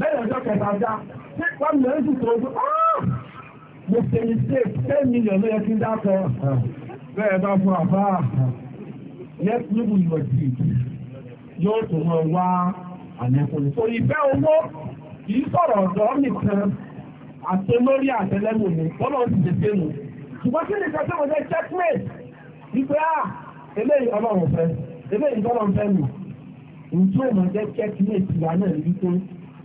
lẹ́yìn ọjọ́ kẹta já wọ́n lè ń sùn tó ojú mo ṣe ní ṣe ten million ló yẹ kí n dákọ bẹ́ẹ̀ bá fún àbá yẹn níbu ìwọ̀ sí yóò tó mọ wá àlẹ́kùnrin. kò ì fẹ́ owó kì í sọ̀rọ̀ ọ̀dọ́ nìkan àti olórí àtẹlẹ́mù mi bọ́lá ti tètè nù. ṣùgbọ́n kí nìkan tí mo fẹ́ checkmate wípé à ah! eléyìí ọlọ́run fẹ́ eléyìí tọ́lọ́run fẹ́ nù. ǹjẹ́ òun jẹ́ checkmate ìyá náà wípé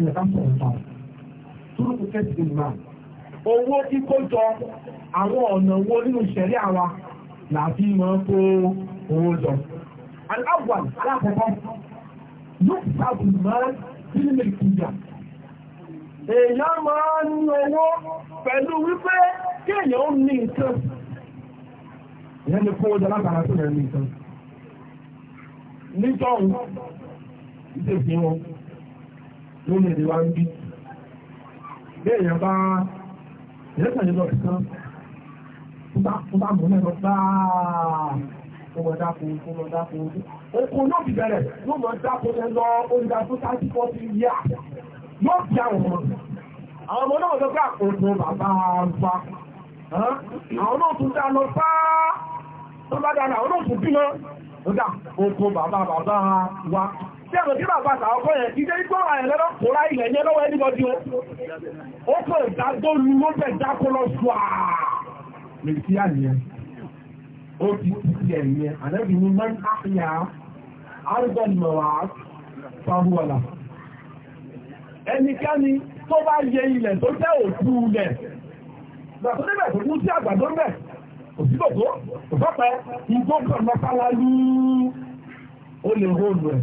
ní káfọ̀ ọ̀tà túrùkù kẹ́sì máa owó kíkó jọ àwọn ọ̀nà wo nínú ìṣẹ̀lẹ̀ àwa làbí máa ń kó owó jọ. aláwọ̀ alákọ̀ọ́kọ́ yóò sábà máa bí nínú ìkújà èèyàn máa ń ní owó pẹ̀lú wípé kí èèyàn ó ní nǹkan ìyẹn ni kó jọ látara tó rẹ̀ ní nǹkan níjọ́ òun ìdèfihàn lórí èdè wa ń bí bẹ́ẹ̀yàn bá ẹ̀lẹ́sàn lọ ìkan tó bá mọ̀ lẹ́lọ gbáà ó mọ̀ dáko ó mọ̀ náà ti bẹ̀rẹ̀ yóò mọ̀ dáko lọ oúnjẹ tó sáájú kọ́ sí yá yóò bí wa jẹ́rọ tí bàbá sàọ́kọ́ yẹn kí jẹ́ ikọ́ àyẹ̀lẹ́rọ kò rá ilẹ̀ yẹ́ lọ́wọ́ ẹni lọ́dí ó kò ìdádó lu ló bẹ̀ dákó lọ sọ àà lè sí àyẹ̀ ó ti ti ẹ̀yẹ àdẹ́bì ní mọ́n àyà arúgbọ́n mọ̀wá fáwọ́lá ẹnikẹ́ni tó bá yẹ ilẹ̀ tó jẹ́ òkú ilẹ̀ gbàtọ́dẹ́bẹ̀ tó mú sí àgbàdo mẹ́ òsíbòtó òfọ́pẹ́ ìgbókàn mọ́sálálú ó lè hóòlù ẹ̀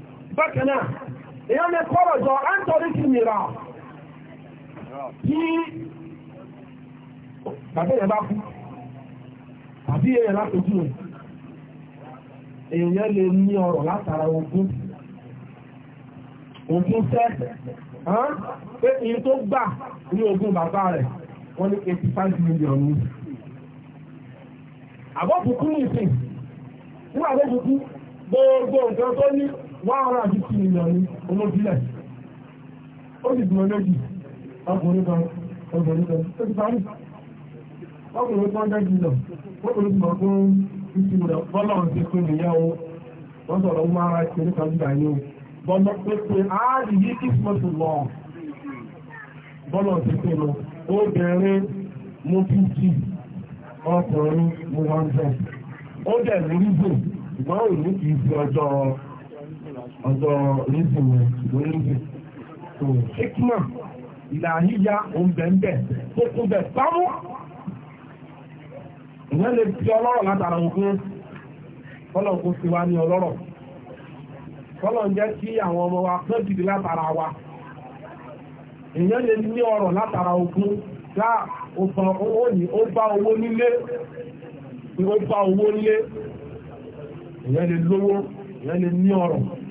bákan náà èyàn lè kọ́rọ̀ jọ anthony kimira tí bàbá èèyàn bá kú tàbí èèyàn látòjú rẹ̀ èèyàn lè ní ọrọ̀ látara ogún ogún tẹ́ pé èyí tó gbà ní ogún bàbá rẹ̀ wọ́n ní 85 million ní àbọ̀bùkú nìsín nígbà tó bùkú gbogbo nǹkan tó ní wọ́n ara and fifty million ní olóbílẹ̀ ó sì méjì ọkùnrin kan kan ó ti parí ọkùnrin kan kan bọ́lá ọ̀hún ti pín o wọ́n sọ̀rọ̀ wọ́n ara ìpínlẹ̀ kan gbà yín o bọ́lá pé áàdì yìí kí mọ́tò lọ bọ́lá ọ̀hún ti pín lọ obìnrin mo fifty ọkùnrin ó dẹ̀ bò òní kì í fi ọjọ́ ọ̀dọ̀ rízìn rẹ̀ ṣùgbọ́n rízìn tó ṣíkímà ìlàhíyá òǹbẹ̀ǹbẹ̀ tó kún bẹ̀ pamọ́ ìyẹn lè fi ọlọ́rọ̀ látara òkú kọ́lọ̀ kó sí wa ní ọlọ́rọ̀ kọ́lọ̀ ń jẹ́ kí àwọn ọmọ wa pẹ́ gidi látara wa ìyẹn lè ní ọrọ̀ látara òkú dá ọ̀pọ̀ owó ní ó bá owó nílé ó bá owó nílé ìyẹn lè lówó ìyẹn lè ní ọrọ̀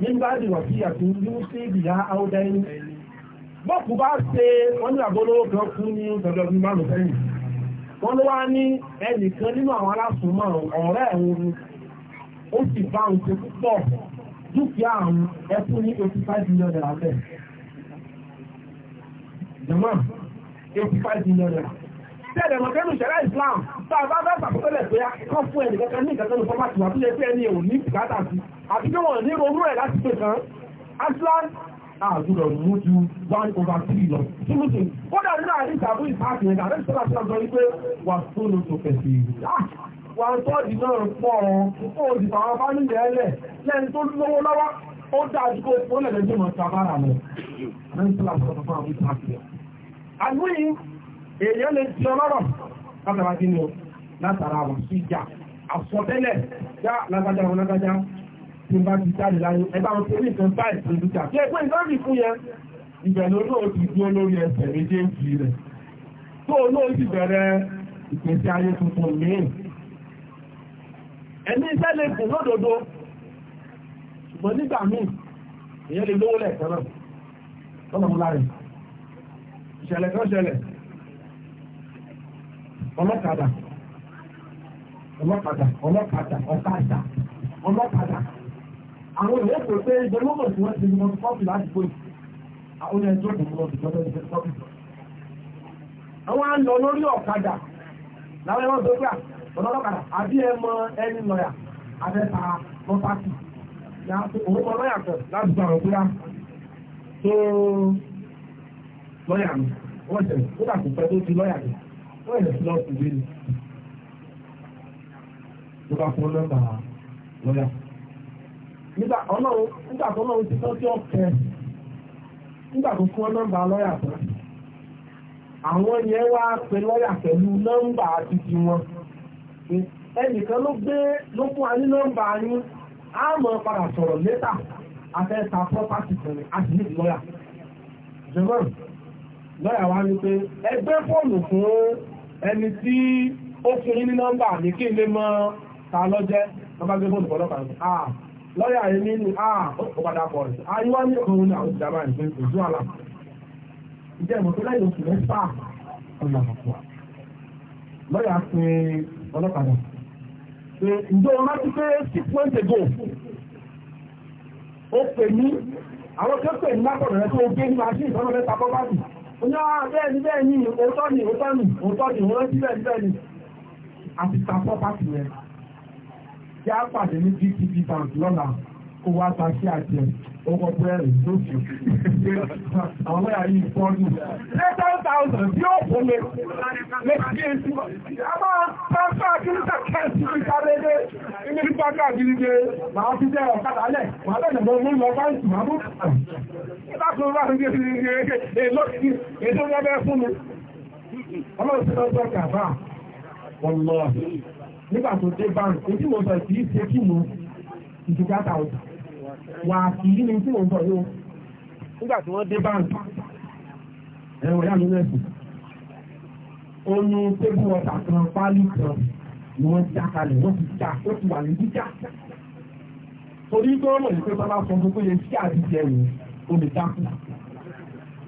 nígbà ìwà sí àtúndú sí ìyá áódá ẹni bọ́ọ̀kù bá ṣe wọ́n ní àbólówó kan kú ní ọ̀dọ̀ ọdún márùn sẹ́yìn wọ́n ló wá ní ẹnìkan nínú àwọn alásùnmọ́ ọ̀rẹ́ ẹ̀hún ni ó sì bá òun ṣe púpọ̀ dúkìá àwọn ẹkún ní eighty five million naira bẹ́ẹ̀ jọ̀mọ́ eighty five million naira tẹ́lẹ̀ mọ̀kẹ́nu ṣẹlẹ̀ Islam tá a bá bá ṣàkóso lẹ̀ pé kọ́ fún ẹnìkan kan ní ìkàtọ́nù fọ́mátì wà tó yẹ pé ẹni ò ní bùkátà sí àti tí wọ́n ní ronú ẹ̀ láti pè kan aslan àgùdọ̀ mú ju one over three lọ tí mo sì kódà nínú àdìsá fún ìsáàkì yẹn àdìsá sọ́dà sọ́dà sọ wípé wà fóònù tó fẹ̀sì ah! wà tọ́ọ̀dì náà pọ̀ ó ti fàwọn fámìlì ẹlẹ̀ lẹ́ni tó lówó lọ́wọ́ ó dájú kó ó lẹ̀lẹ́ jẹ́ mọ̀ tàbára lọ àdìsá sọ́dà fún àwọn ìsáàkì yẹn. àgbóyin èèyàn lè ti ọlọ́rọ̀ látara kí ni o látara àwọn sí ìjà àsọtẹ́lẹ̀ já lágbájá wọn lágbájá tí bá ti jáde láyé ẹgbà wọn torí nǹkan bá ìpè dúkà kí ẹgbẹ́ ìdánrì fún yẹn ìbẹ̀ lórí ó ti dúró lórí ẹsẹ̀ méjèèjì rẹ̀ tó olóò ti bẹ̀rẹ̀ ìpèsè ayé tuntun míì ẹni iṣẹ́ lè gùn lódodo ṣùgbọ́n nígbà míì èyẹ lè lówó lẹ́ẹ̀kan náà lọ́nà múlá rẹ̀ ìṣẹ̀lẹ̀ kan ṣẹlẹ̀ ọlọ́kadà ọlọ́kadà ọlọ́kadà ọ̀kadà ọlọ́kadà àwọn ìwé kò pé ìgbẹ́lọ́mọ̀ tí wọ́n ti mọ fọ́ọ̀tì láti bóyì àwọn ẹni tó kùn lọ́ọ̀tì lọ́dọ̀ ìfẹ́ fọ́ọ̀tì. àwọn á lọ lórí ọ̀kadà láwọn ẹ̀wọ̀n tó gbà ọ̀nà ọlọ́kadà àbí ẹ mọ ẹni lọ́yà abẹ́ta lọ́pàtì òun mọ lọ́yà kan láti gba àwọn òkúra tó lọ́yà mi wọ́n tẹ̀ ó dà kò pẹ́ tó ti lọ́yà mi wọ́n yẹ̀ sí lọ́ọ̀tì lé ni. ló bá fún nọ́mbà lọ́yà. nígbà ọlọ́run nígbà tó ti sí ọ̀fẹ́ fún ọ nọ́mbà lọ́yà tán àwọn yẹn pe lọ́yà pẹ̀lú nọ́mbà wọn ẹnìkan ló gbé ló fún wa ní nọ́mbà yín á mọ̀ padà sọ̀rọ̀ létà property lọ́yà lọ́yà wá ní pé ẹgbẹ́ fọ́ọ̀nù fún ẹni tí ó ní nọ́mbà ní kí ta lọ́jẹ́ lọ́yà èmi ní àà ah, ó pọ̀ rẹ̀ àríwá ní òun ní àwọn ìjàmbá ìpín ojú àlà ìjẹ́ ìmọ̀ tó lẹ́yìn mẹ́fà ọ̀nà àpò lọ́yà pé ọlọ́kadà pé pé six months ago ó pè àwọn tó pè ní rẹ̀ tó ní machine mẹ́ta bọ́ bá àwọn bẹ́ẹ̀ ni bẹ́ẹ̀ ni òótọ́ ni òótọ́ ni òótọ́ jẹ́ àpàdé ní bank lọ́la kó wá ta sí àjẹ owó bẹ́ẹ̀rẹ̀ lóṣù àwọn yìí lè lè fi èsì a máa pẹ́ẹ́fẹ́ àkíníkà kẹ́ẹ̀sì fi sáré ilé nípa káàkiri dé màá fi jẹ́ ọ̀kadà lẹ̀ màá bẹ̀rẹ̀ mọ́ mú lọ màá nígbà tó dé báńkì èyí tí mo sọ ìfìyí ṣe kí mo ìdíkátà ọ̀dà wà fìyí ni tí mo sọ yóò nígbà tí wọ́n dé báńkì ẹ̀rọ ìyá mi lẹ́sìn oyún tébù ọ̀tà kan pálí kan ni wọ́n já kalẹ̀ wọ́n ti já ó ti wà ní jíjá torí tó mọ̀ ní pé bá bá sọ fún pé yẹ kí àdìjẹ ó lè dákú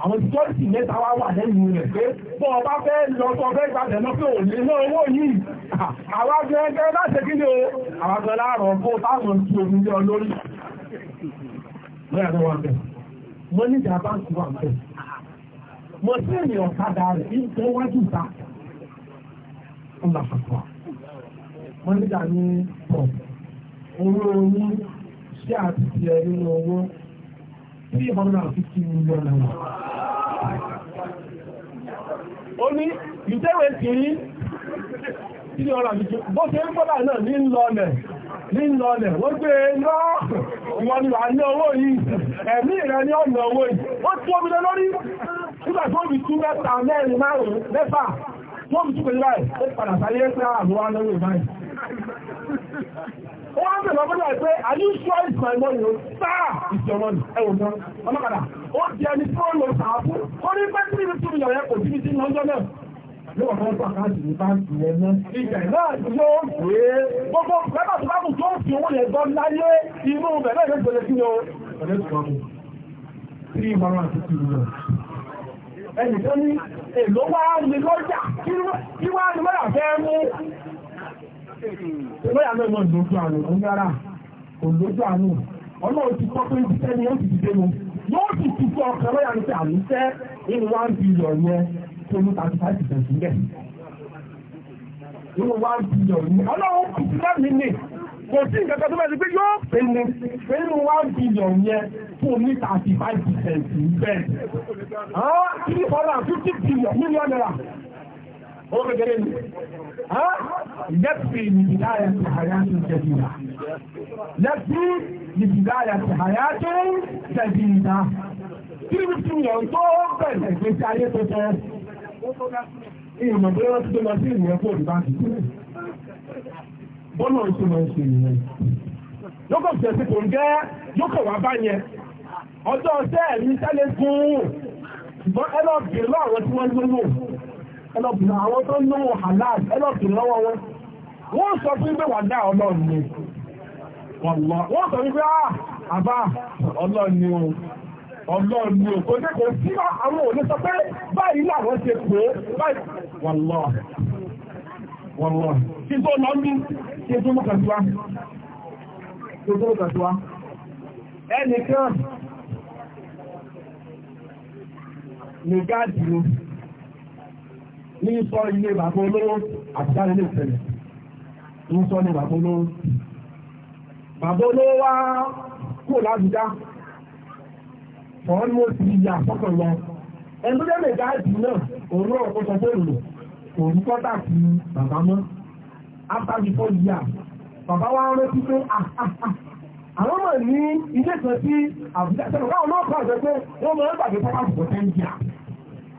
àwọn security mẹ́ta wá wà lẹ́nu rẹ̀ pé bọ́ ọba fẹ́ lọ sọ fẹ́ gbàgbẹ́ lọ pé ò lè owó yìí àwa láti kí ni o àwa láàrọ̀ kó táwọn ti omi lé ọ lórí. wọ́n bẹ̀. Mo 350 million naira. ó ní ìtẹ́wé kìí sílé ọ̀rọ̀ àbíjú bó ṣe ń náà ní lọlẹ̀ ní lọlẹ̀ wọ́n gbé lọ́ e, wọn ni ní owó yìí ẹ̀mí rẹ̀ ní ọ̀nà owó yìí ó omi lórí nígbà tó bí tú mẹ́ta mẹ́rin márùn-ún mẹ́fà tó bí tú pẹ̀lú báyìí ó padà sáyé ah, ó ń bẹ̀ lọ́gbọ́dọ̀ ẹ̀ pé are you sure it's my money o sáà ìṣòwòn ẹ̀wọ̀n náà ọlọ́kadà ó di ẹni tó lọ sàá fún ó ní pẹ́ tí mi tún yọ̀ yẹ kò síbi tí lọ́jọ́ náà lọ́wọ́ kan tó àkáàtì ní báńkì yẹn náà ìgbẹ̀ náà yóò pé gbogbo pẹ́pà tó bá kù tó fi owó yẹn gbọ́ láyé inú bẹ̀ náà yóò gbẹ̀lẹ̀ sí ni o ọ̀dẹ́ tó wà fún three hundred and fifty million ẹnì kan ní èlò Ìlọ́yà náà mọ̀ lójú àánú, ó yára, kò lójú àánú. Ọlọ́run ti kọ́ pé ìdíṣẹ́ ni ó ti dìde mu. Yóò sì ti fún ọkàn lọ́yà ní àmì iṣẹ́ inú one billion tó ní thirty five percent níbẹ̀. Inú one billion yẹn, ọlọ́run kò sí lẹ́mìí nì. Kò sí nǹkan tó bá ti pé yóò pè Pé inú ó kékeré ni yẹ́pì ní ìdáyà ti hayatun jadida yẹ́pì ní ìdáyà ti hayatun jadida three fifty million tó bẹ̀rẹ̀ ìgbésí ayé tó tẹ́ ìmọ̀ bóyá ti tó lọ sí ìrìn ẹ̀kọ́ ìbáàkì bọ́lọ̀ ìṣòro ìṣòro ìyẹn lókọ̀ fẹ̀ sí kò ń jẹ́ lókọ̀ wà bá yẹn ọjọ́ ọ̀sẹ̀ ẹ̀mí tẹ́lẹ̀ gún un ṣùgbọ́n ẹlọ́ọ̀bì lọ́ọ̀rọ̀ tí wọ́n lówó ẹlọ́pìn àwọn tó lówó halal ẹlọ́pìn lọ́wọ́ wọn wọ́n sọ fún pé wàdá wọ́n sọ wípé ah, àbá ọlọ́run ni jẹ́ kò sí àwọn òní sọ pé báyìí ṣe báyìí ní ní sọ ilé bàbá olówó àti dáre lè tẹ̀lẹ̀ ní sọ ní bàbá olówó bàbá olówó wá kò lábújá fọ́n mo sì yà sọ́kàn lọ ẹni tó jẹ́ mẹ́ta ìdí náà òun náà kó sọ fóònù lò kò ní kọ́tà sí bàbá mọ́ after the four years bàbá wa rántí pé ah, ah, ah. àwọn ọmọ ní ilé kan sí àbújá sẹ́nu káwọn náà kọ́ àjọ pé wọ́n mọ̀ ẹ́ gbàgbé pápá àbùkọ́ tẹ́ ń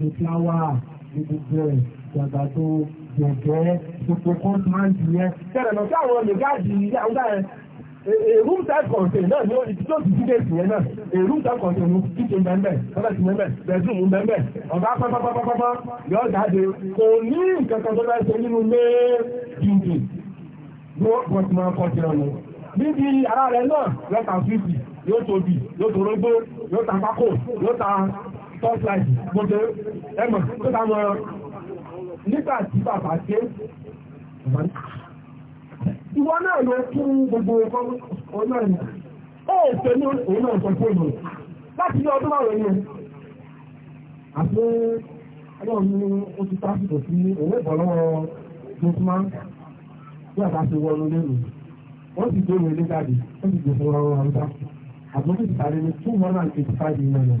the flower gbogbo ẹ̀ gbàgbà tó gbẹ̀gbẹ́ gbogbo constant yẹn. Kẹ̀rẹ̀ lọ sí àwọn olùgáàdì àwọn dáhẹ̀. A room type contain náà ni ó ti tó ti dídé sí yẹn náà. A room type contain ní kíkẹ́ mẹ́mẹ́, ọ̀dà ti mẹ́mẹ́, bedroom mẹ́mẹ́, ọ̀gá pápápápápá yọ jáde. Kò ní nǹkan kan tó bá ṣe nínú ilé dìndì. Ló bọ̀ sí máa kọ́ sí ọ̀nà. Níbi ara rẹ̀ náà, lọ́ta fífi, yóò tóbi, yóò torógbó, yóò ta pákó, yóò ta tọ́sílàì gbogbo ẹmọ̀ tó dámọ́ nígbà tí bàbá dé ìwọ náà ló kún gbogbo ọkọ̀ náà ní ó fẹ́ ní òun náà sọ fún ìlú láti ní ọdún márùn ún àti ọlọ́run ní oṣù tásìkò sí òun ìbọ̀ lọ́wọ́ jọsùmá bí àbá ṣe wọnú lẹ́nu wọ́n sì gbé ìwé lé jáde wọ́n sì gbé fún ọrọ̀ ọ̀rọ̀ àbúrò ìtàlẹ́ ní two hundred and five million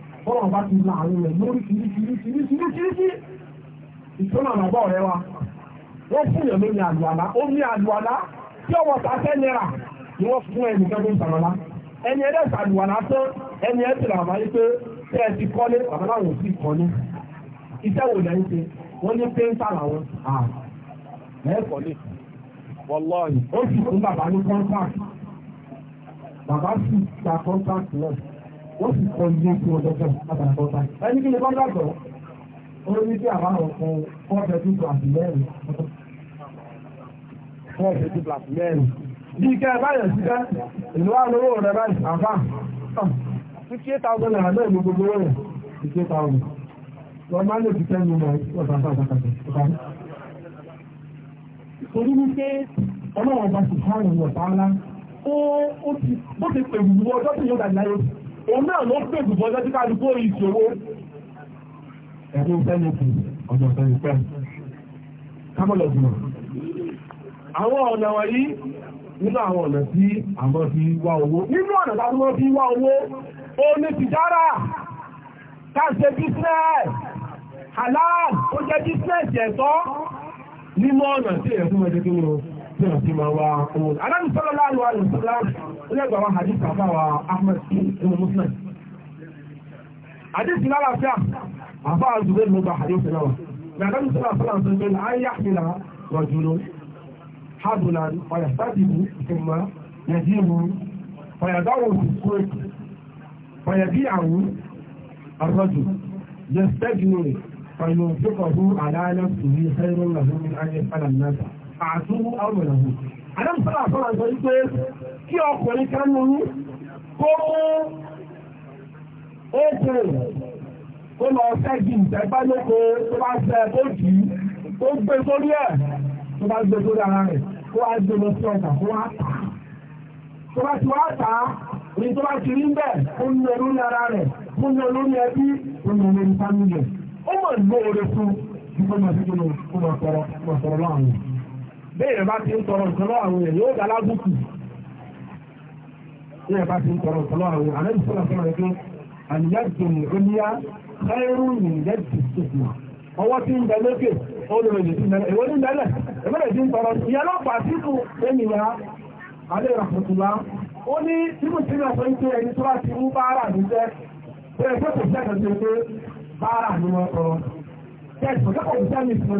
bọ́lá ọba ti la àwọn èèyàn lórí ọ̀rẹ́ wa wọ́n fún yàn lórí ó ní àlùwàlá tí ọwọ́ ta fẹ́ nira ni wọ́n fún ẹnì kan tó ń sàlọ́lá ẹni ẹ̀dẹ́ tán ẹni ẹ̀ tìlà àbáyé pé tẹ́ ẹ ti kọ́lé bàbá náà wò sí iṣẹ́ wò lẹ́yìn wọ́n ní làwọn ẹ̀ kọ́lé wọ́n sì kọ ilé tí wọ́n dọ́gbọ̀n àtàkọ́ta. ẹni kí ni bá dàgbọ́ orí tí àwọn ọ̀kan fọ́ọ̀fẹ́ tó tó àtìlẹ́rìn fọ́ọ̀fẹ́ tó tó àtìlẹ́rìn. bí kẹ́ ẹ báyọ̀ síbẹ̀ ìlú wa lówó rẹ̀ báyìí àfà fifty eight thousand naira náà ní gbogbo rẹ̀ fifty eight thousand wọ́n máa ń lè fi ten million ọ̀tà àtàkọ́ta. torí wípé bá ti fáwọn ọ̀tá ńlá ó ti pè wù ọjọ́ tó yọ̀dà láyé òun náà ló pè ìfẹ́ kámọ́lọ̀ àwọn ọ̀nà wọ̀nyí nínú àwọn ọ̀nà tí fi wá owó nínú ọ̀nà tí wọ́n fi wá owó ó ní tìjára káṣe business business tí wọ́n ti máa wá owó. Adájú sọ́lọ́ láàlú àlù sọ́lá lẹ́gbàá wa Hadith Afa wa Ahmed ibn Muslim. Hadith lára Ní adájú ayé àfihàn àtú àwọn ìrànwọ́. Adébùsọ́lá àtọ́lá sọ wípé kí ọkùnrin kan mú kó mú éèkèrè ó lọ ṣẹ́gi ìtẹ́gbá lóko tó bá ṣẹ tó jì í tó gbé sórí ẹ̀ tó bá gbé sórí ara rẹ̀ kó wá gbé lọ sí ọjà kó wá tà á. Tó bá ti wá tà á, ní tó bá ti rí ń bẹ̀, ó ń lọ lórí ara rẹ̀, ó ń lọ lórí ẹbí, ó ń lọ lórí fámìlì. Ó mọ̀ ní oore fún bí wọ́n máa fi gbé lọ kó máa sọ̀rọ̀ máa sọ̀rọ̀ láàrin bẹ́ẹ̀ bá ti ń tọrọ nǹkan lọ́wọ́ àwọn èèyàn yóò dá lábùkù bẹ́ẹ̀ bá ti ń tọrọ nǹkan lọ́wọ́ àwọn èèyàn alẹ́ ìṣọ́nà fún ọ̀rẹ́ pé àníyàjò ìrìnlẹ́yà káyọ̀rù ìrìnlẹ́jì ìṣòfò ọwọ́ tí ń bẹ lókè olùrẹ̀lẹ̀ tí ń bẹ̀rẹ̀ èwo ní bẹ̀rẹ̀ ìbẹ̀rẹ̀ tí ń tọrọ ìyá lọ́pàá sí kù ènìyàn alẹ́ ìràpùtùlá ó ní ibù tí ń sọ pé ẹni tó bá ti mú báárà níjẹ́ bẹ́ẹ̀ pé kò sí ẹ̀kọ́ tẹ́sán ní ìsinmi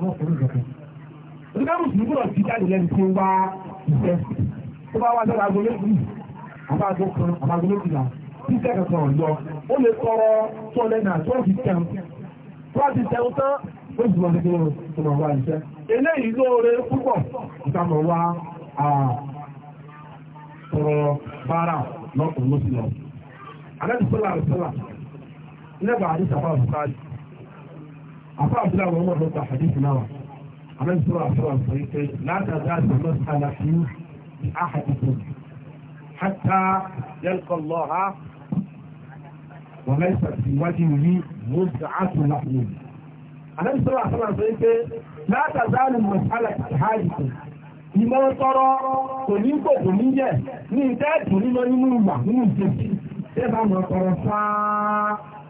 mùsùlùmí gbọ́dọ̀ ti jáde lẹ́nu tí ó wá ìfẹ́ tó bá wá dára agolo yìí kan àbágo méjì là títẹ́ kankan ọ̀yọ́ ó lè tọrọ tó lẹ́nà tó ti tẹun tó ti tẹun tán ó sì máa kékeré tó máa wá iṣẹ́. eléyìí nígbà àdìsí àfáà bukari àfáà abdullahi wọn wọn lọgbà àdìsí náà àmì sọ̀rọ̀ àfáà sọ ike látàdá àtàmọ́ sàlà fi àhàdìsí hàtà yẹlkọ lọ́ha wọn lẹ́yìn sàtì wájú yìí wọ́n ti àtò láàyè. àmì sọ̀rọ̀ àfáà sọ ike látàdá àtàmọ́ sàlà fi àhàdìsí ìmọ̀ tọrọ kò ní kò kò ní yẹ ní ìtẹ́ẹ̀tù nínú nínú ìwà nínú ìjẹ́sí tẹ́ẹ̀bà mọ̀ tọrọ fáá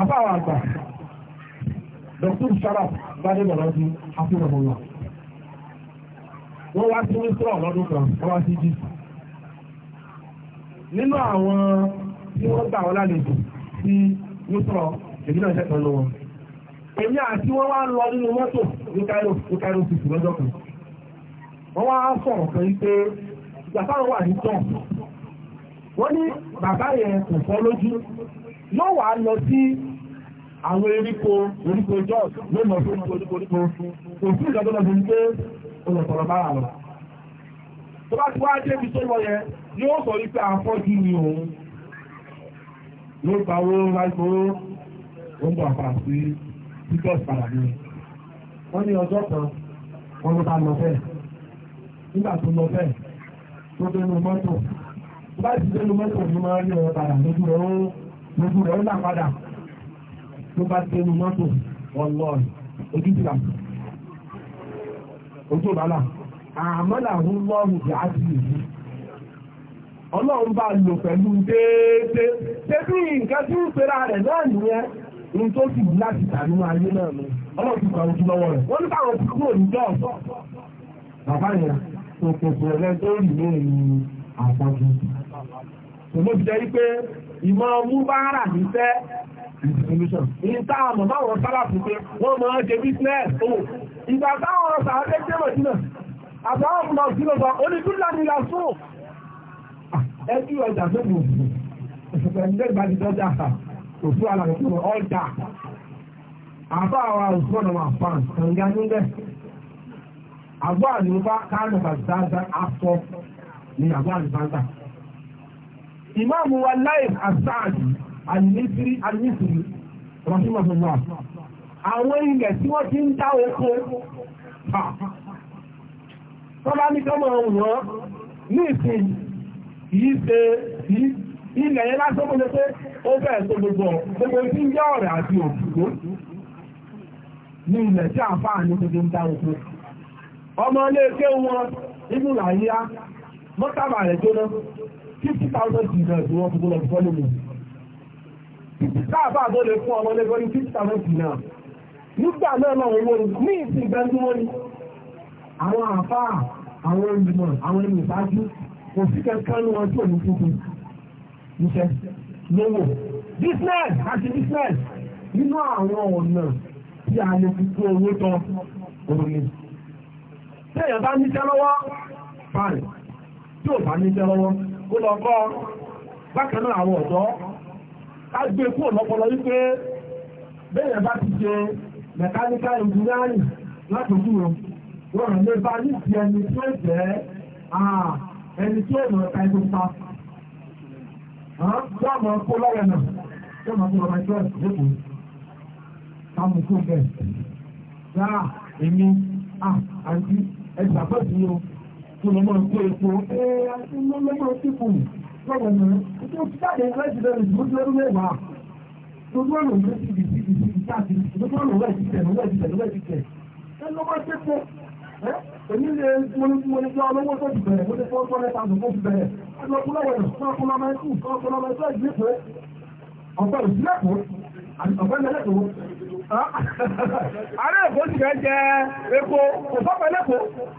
àbáwọ̀ àgbà Dr. Sharaf gbadé bọ̀lọ́dún afúnàmọ́lá wọ́n wá sí Mísírọ̀ lọ́dún kan wọ́n wá sí Egypt nínú àwọn tí wọ́n gbà wọ́n lálejò sí Mísírọ̀ èmi náà ṣẹ̀tọ́ lọ wọn èmi àti wọ́n wá lọ nínú mọ́tò ní Cairo ní Cairo fífi lọ́jọ́ kan wọ́n wá sọ̀rọ̀ kan pé ìgbà táwọn wà ní tọ́ wọ́n ní bàbá yẹn kò fọ́ lójú yóò wà lọ sí àwọn eríko oríko jos lónà fún oríko oríko kò ìjọba lọ sí pé olùsọ̀rọ̀ bára lọ tó bá ti wá dé ibi tó lọ yẹ yóò sọ àfọ́jú ni òun ló gba owó sí jesus padà ní wọ́n ní ọjọ́ kan wọ́n ló bá lọ nígbà tó lọ tó dénú mọ́tò tó bá ti dénú mọ́tò máa ń padà gbogbo rẹ̀ ó là padà tó bá tẹnu mọ́tò ọlọ́run ojú ti là ojú ìbálà àmọ́là ń lọ́rùn jẹ́ àti ìlú ọlọ́run bá lò pẹ̀lú déédéé tẹ́bí nǹkan tí ń pera rẹ̀ náà nìyẹn ní tó sì wù láti tàbí ayé náà ni ọlọ́run ti gbàrún jù lọ́wọ́ rẹ̀ wọ́n ní báwọn ti kúrò níjọ́ ọ̀sán bàbá yẹn kò kò rẹ̀ tó rì ní àpọ̀jù. Òmò ti jẹ́ wípé ìmọ̀ mú bá rà níṣẹ́ ìta àmọ̀ báwọn sálàfù pé wọ́n mọ̀ ọ́n ṣe business owó ìgbà táwọn ọ̀sà akẹ́kẹ́ mọ̀ sínú àtàwọn ọmọ sínú bá onídúlà ní lásò ẹjú ọjà tó mú ẹgbẹ́ ìbájú dọ́jà òfú alàkùnrin ọjà àbá àwọn òṣùwọ̀n ọmọ àfàn kànga níbẹ̀ àgbọ́ àdúgbò kánù bàtà àtọ ní àgbọ́ àdúgbò ìmáàmù wa láì àsáàdì àlìmísírí àlìmísírí rọ́símọ̀sọ̀mọ́ àwọn ilẹ̀ tí wọ́n ti ń dá oko tọ́lá ní kọ́mọ̀ wọ́n ní ìsìn yìí ṣe ilẹ̀ yẹn lásán mọ́ pé ó bẹ̀ẹ̀ tó gbogbo gbogbo tí ń jẹ́ ọ̀rẹ́ àti òkúgbó ní ilẹ̀ tí àǹfàà ní gbogbo ń dá oko ọmọ ilé ké wọn ibùlà yíyá mọ́tàbà rẹ̀ jóná fifty thousand You want wọ́n fi gbọ́dọ̀ fọ́lé mi káàbà tó lè fún ọmọ lẹ́gbọ́n ní fifty thousand dinars nígbà náà náà wọ́n ní ìsìn gbẹ́ndú wọn ni àwọn àfáà àwọn olùmọ̀ àwọn ẹni ìbájú kò sí kankan ní wọn tí ò ní fúnfún níṣẹ́ lówó business àti business nínú àwọn ọ̀nà tí a lè fi kó owó tán òun ni tẹ́yàn bá níṣẹ́ lọ́wọ́ fine tí ò bá níṣẹ́ lọ́wọ́ kó lọ kọ́ bákan náà àwọn ọ̀dọ́ á gbé e kúrò lọ́pọlọ wípé bẹ́ẹ̀ bá ti ṣe mẹkáníkà ìjìnlẹ́rìn látòjú o wọ́n rẹ̀ lè bá ní ti ẹni tí ó jẹ́ ẹni tí ó mọ̀ ẹ̀ka ẹni pa tí a mọ̀ kó lọ́wọ́ náà tí a mọ̀ kó lọ́wọ́ ẹjọ́ ìjókòó táwọn èmi àǹtí ẹ̀sìn àpẹẹ̀sì yìí tó lọ máa kó epo ẹ̀ àti lọ́lọ́mọ́ sípò lọ́wọ́ náà tó jáde láti bẹ̀rẹ̀ ìdúró tó lọ́rùn mẹ́wàá gbogbo ọ̀nà ló ti di ti di ti káàkiri gbogbo ọ̀nà wẹ̀ ti tẹ̀ lọ́wọ́ ti tẹ̀ lọ́wọ́ ti tẹ̀ ẹ lọ́wọ́ sípò ẹ èmi lè mo ní gbọ́ ọlọ́wọ́ tó ti bẹ̀rẹ̀ mo ní fọ́ fọ́ lẹ́ta àdùn tó ti bẹ̀rẹ̀ ọ̀pọ̀ ìsílẹ̀kùn ọ̀pọ̀ ìlẹ́kùn ààrẹ èkó sì fẹ́ jẹ epo kò sọ́pẹ́ lẹ́kọ̀ọ́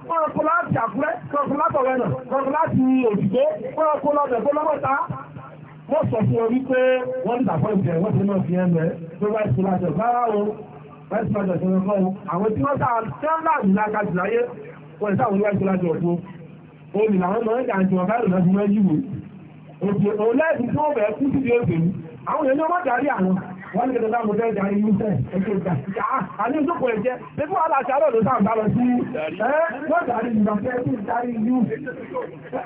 wọ́n kó láti àkúrẹ́ kọ́kọ́ látọ̀rẹ́ nà kọ́kọ́ láti òṣìṣẹ́ wọ́n kó lọ́dẹ̀ tó lọ́mọ́ta wọ́n sọ fún ọ wípé wọ́n nígbà fọ́ ìbẹ̀rẹ̀ wọ́n ti náà fi ẹnu tó bá ti wọ́n lè dáadáa mo fẹ́ jà ní ìlúfẹ́ ẹgbẹ́ ìjà àní ìjókòó ẹ̀jẹ́ nípa wàhálà àti àlọ́ ló sáà bá lọ sí wọ́n dàrí ìgbàfẹ́ tí ń darí yú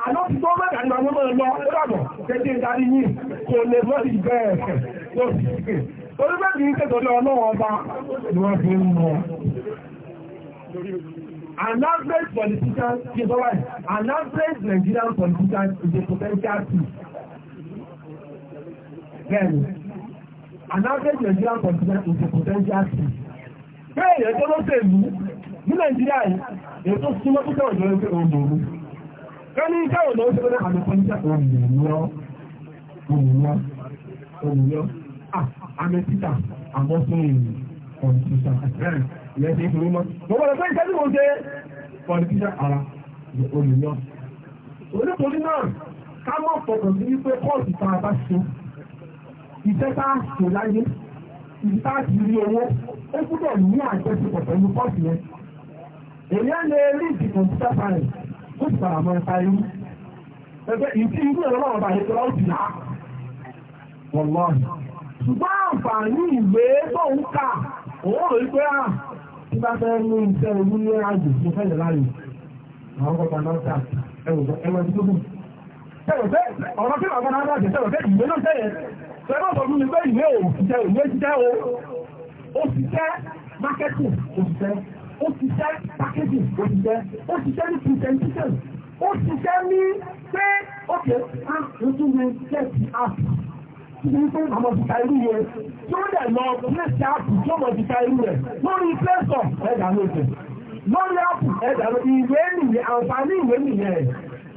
àná ti tó mẹ́ta ní ọmọ lọ ó dàbọ̀ tẹ́tí ń darí yìí kò lè mọ́ ìgbẹ́ ẹ̀fẹ̀ lórí orí bẹ́ẹ̀ kì í ṣètò ní ọlọ́wọ́ ọba ni wọ́n fi ń mọ An average politician, you know what? An average Nigerian politician is a potential thief. Then, an average Nigerian president is a potential thief. bẹ́ẹ̀ yẹn tó ló tẹ̀lú ní Nàìjíríà yìí ètò súnmọ́ tó tẹ̀wọ̀n jọrọ pé òun lòrú kẹ́ni tẹ̀wọ̀n lọ́wọ́ tó lọ́wọ́ àmì pọ́ńtà òmìnirọ́ òmìnirọ́ òmìnirọ́ àmì títà àmọ́ fún èèyàn ọ̀nà títà ìyẹn ti fi mímọ́ mo gbọ́dọ̀ pé ìtẹ́jú mo ṣe ọ̀nà títà ara òmìnirọ́ onítorí náà ká mọ̀ fọkàn sí wípé kọ́ọ̀sì tá a bá ṣe iṣẹ́ táàkì láyé ìtàkì rí owó ó gbúdọ̀ ní àjọṣepọ̀ pẹ̀lú pọ́ọ̀sì yẹn èyí á lè rí ìdìbò títà parẹ̀ ó sì fara mọ́ ẹ̀ka irú ẹgbẹ́ ìtí irú ẹ̀rọ náà bá ètò láwùjọ náà wọ́n lọ́ ṣùgbọ́n àǹfààní ìwé tó ń kà òun rò pé à ah, tí bá fẹ́ mú iṣẹ́ olú ní àjò mo fẹ́ lè àwọn ọkọ̀ náà ta ẹ̀wọ̀n ẹ̀wọ̀n tó kù. ọ̀rọ̀ tí màá bá náà bá jẹ́ sẹ́wọ̀n Tẹ́lọ́sọ̀ fún mi pé ìwé òṣìṣẹ́ ìwé jíjẹ́ o. Òṣìṣẹ́ marketing òṣìṣẹ́. Òṣìṣẹ́ packaging òṣìṣẹ́. Òṣìṣẹ́ ní presentation. Òṣìṣẹ́ ní pé ókè á ń tún mi tẹ́ẹ̀tì app. Títí pé àmọ́ ti ta irú yẹn. Tí ó dẹ̀ lọ pléṣì app tí ó mọ̀ ti ta irú rẹ̀. Lórí pléṣọ̀ ẹ̀dà lóṣẹ̀. Lórí app ẹ̀dà lóṣẹ̀. Ìwé nìyẹn, àǹfààní ìwé nìyẹn.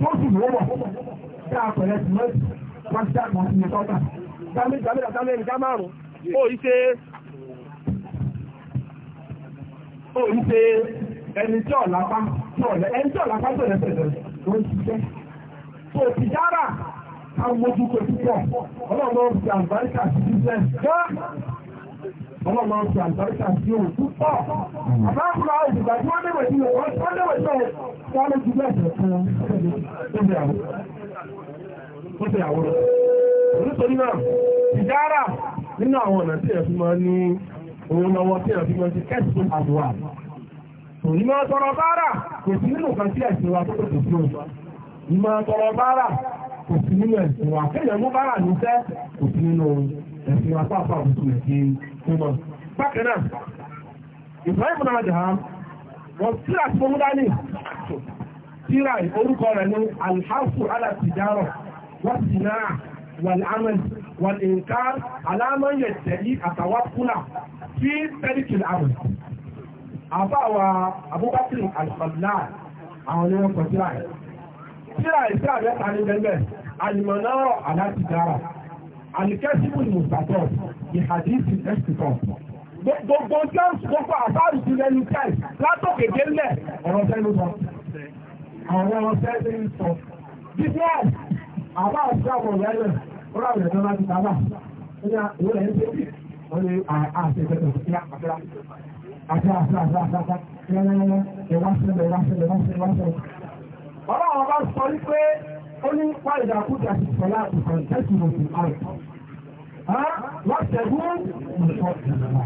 tó sì wọ́wọ́ tá a pẹ̀lẹ́ sí mẹ́tì wọ́n ti dàgbà sí ní tọ́gbà dámé dámé dámé ní ká márùn-ún ó rí ṣe ó rí ṣe ẹni tí ọ̀lápá tí ọ̀lẹ́ ẹni tí ọ̀lápá tó lẹ́sẹ̀ lẹ́sẹ̀ ló ń ṣiṣẹ́ tó ti dára àwọn mojú pé púpọ̀ ọlọ́run ti àǹbáríkà sí bísẹ̀ Ọlọ́run máa ń fi àgbàríkà sí òun púpọ̀. Hmm. Àbáfúra ìdìgbà tí wọ́n léwèé sí òun, wọ́n léwèé sí òun, wọ́n lè jù bẹ́ẹ̀ jẹ́ fún ó fẹ́ àwọn onítorí náà ìjára nínú àwọn ọ̀nà tí ẹ̀fí máa ní owó lọ́wọ́ tí ẹ̀fí máa ti kẹ́sùn àdúrà ìmọ̀ tọrọ bára kò sí nínú kan tí ẹ̀sìn wa tó tòkè sí òun ìmọ̀ tọrọ bára kò sí nínú ẹ̀sìn wa kéèyàn mú ìmọ̀ bákan náà Ibrahim náà jà wọ́n tíra tí wọ́n dání tíra orúkọ rẹ̀ ní alhassu alatijaro wọ́n ti náà wàlámẹ́lì والإنكار على من يدعي التوكل في ترك الأمر أبا أبو بكر الخلال àwọn oníwọ̀n kan síra ẹ̀ síra ẹ̀ síra ẹ̀ tàbí bẹ́ẹ̀ alimọ̀nà alátìjára alikẹ́sìmù ni mùsàtọ̀ ìhàdíìsì ẹ̀sìtọ̀ gbogbo jẹ́ms gbogbo àbáàrù ti lẹ́nu káì látòkè délẹ̀ ọ̀rọ̀ sẹ́nu sọ àwọn ọ̀rọ̀ sẹ́nu sọ business àbá àṣàbọ̀ lẹ́lẹ̀ ọ̀rọ̀ àwẹ̀ tó láti sábà ẹ̀yà ìwé ẹ̀ ń ṣe bí wọ́n lè àṣẹ ìfẹ́tọ̀ sí àpàkẹ́rà àti àṣà àṣà àṣà àṣà ẹ̀wá sílẹ̀ ẹ̀wá sílẹ̀ ẹ̀wá sílẹ̀ ọlọ́run bá sọ wípé ó ní pàdà kúta sí sọlá ìfọ̀n tẹ́sí lòdì àìsàn. wọ́n tẹ̀gún nǹkan ìrìnà.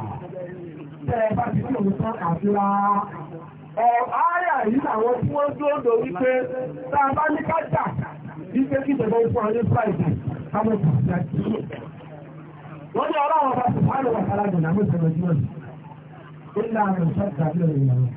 tẹ́ ẹ bá ti kúrò nǹkan àfíra. ọ̀háyà yìí làwọn tí wọ́n dúró dò wípé tá a bá ní ká jà wípé kí ìjọba fún ayé friday káwọn kò sí àti. wọ́n ní ọlọ́run bá ti fáwọn ọ̀sán alágbèéná mẹ́sàn-án lójú ọ̀sán. ó ní àwọn ìṣẹ́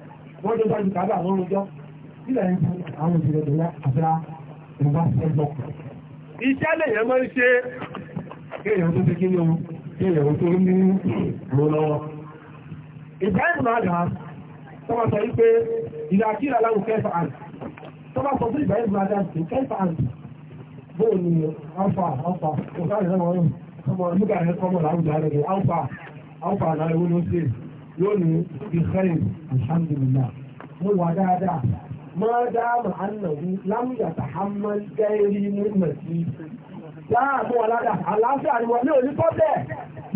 wọ́n lèyàn máa ṣe kéèyàn tó fi kíni ohun kéèyàn tó ní lò lọ́wọ́. ìbáyìí máa dà tó máa sọ wípé ìlàkíra láwùjọ kẹfà àn tó máa sọ fún ìbáyìí máa dà sí kẹfà àn bóò ni alfa alfa kò sáré náà wọ́n yóò ọmọ nígbà yẹn kọ́mọ̀ láwùjọ àrẹ̀gẹ̀ alfa alfa àlàyé wọn ló ṣe é lónìí ìkẹyìn alhamdulillah mo wà dáadáa máa dáàmà ànàwó lámùyàtà hamal gẹ́rí múmẹ̀tì láàmú ọ̀làdà àlàáfíà ni wọ́n ní onípọ́ bẹ́ẹ̀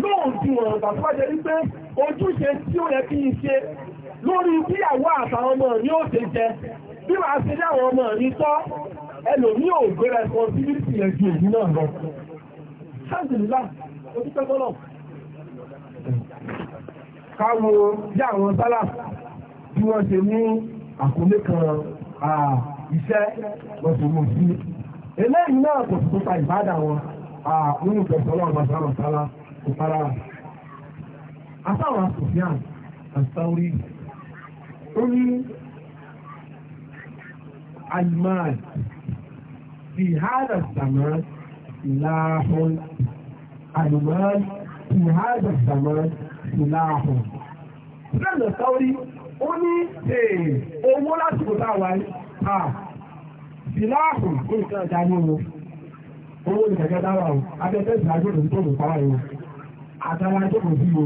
lóhùn tí wọ́n bá tó bá jẹ́ wípé ojúṣe tí ó yẹ kí n ṣe lórí bíyàwó àtàwọn ọmọ ní ó ṣe jẹ bí wàá ṣe dáwọn ọmọ ní tọ́ ẹlòmí ò gbé responsibility yẹn ju èyí náà lọ. sáàtì nílá ojúṣẹ́ tọ́lọ̀ káwo bí àwọn sálà bí wọ́n ṣe ní àkọlé kan iṣẹ́ lọ́sọ̀rọ̀ sí eléyìí náà kò sì tó ta ìbádà wọn nínú ìfẹ̀sọ́lọ́ ọ̀gbà sálà sálà kò fara rà àtàwọn asòfíàn àtàwórí ó ní àìmáà fi hádà sàmà láàrùn àìmáà fi hádà sàmà ìsìláàfù. owó lásìkò kẹ̀kẹ́ dáwà o, abẹ́fẹ́ ìsìláàfù òdòdó tó lùkọ́ wáyé o. Àtàwọn ajé kò sí o,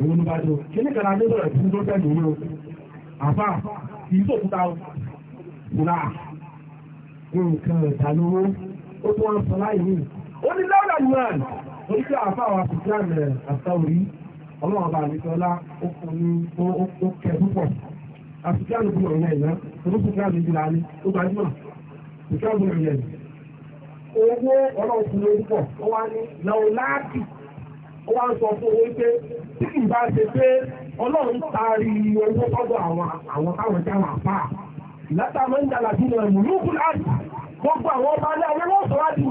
òun ní bàjọ́. Kí ní kẹ̀kẹ́ ajé sọ̀rọ̀ tó tẹ̀lé o? Àfà, kì í o. Ìsìláàfù, nǹkan ọjà ní ó tún wọn sọ láì ọlọ́run àdìsọ́lá ó ní ó kẹ púpọ̀ àfikàlù bí ọ̀rẹ́ ìná olùsùnkàlù ìdílà ní ó gbajúmọ̀ ìkàlù bí ọ̀rẹ́ ìná owó ọlọ́run fún púpọ̀ ó wá ní lọ́wọ́ láàkì ó wá ń sọ fún owó pé tí kì bá ṣe pé ọlọ́run taari owó gbọ́dọ̀ àwọn àwọn táwọn jáwọn àpá látàmọ́ ń dàlàbí lọ ìmúlùkù láti gbogbo àwọn ọba ní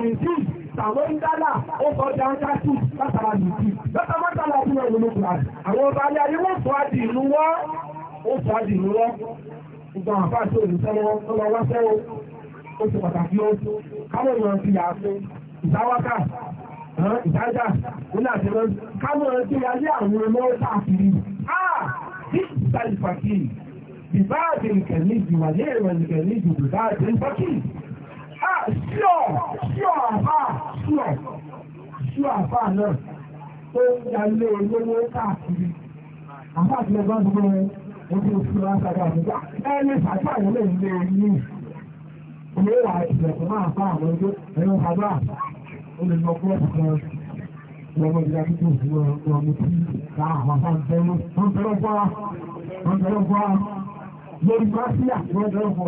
sàmọ́ńdálà ó sọ di ankasu látara nìkí lọ́sàmọ́ńdálà tí wọ́n wọlé kura àwọn ọba alẹ́ ayé wọ́n sọ adì ìlú wọ́ ó sọ adì ìlú wọ́ gbogbo àfáà tó lè sẹ́wọ́ ó lọ wá sẹ́wọ́ ó ṣe pàtàkì ó káwọn èèyàn ti yà á fún ìdáwákà Ṣíọ̀ ṣíọ̀ àbá ṣíọ̀ ṣíọ̀ àbá náà tó ń ya ilé olówó káàkiri. Àbá àti ẹgbẹ́ gbogbo ojú oṣù lásàdá àbúgbà. Ẹ lè fàájì àwọn ilé ilé yìí. Ilé ìwà ìṣẹ̀kùn máa bá àwọn ojú ẹ̀rọ àbá olùlọ bọ́ọ̀sì kan lọ́wọ́ ìyá títí ìṣúná ọmọ tí àwọn afá ń tẹ́lú. Wọ́n tẹ́lọ́ fọ́ra, wọ́n tẹ́lọ́ fọ́ra. Lórí Màsíà, wọ́n tẹ́lọ́ fọ́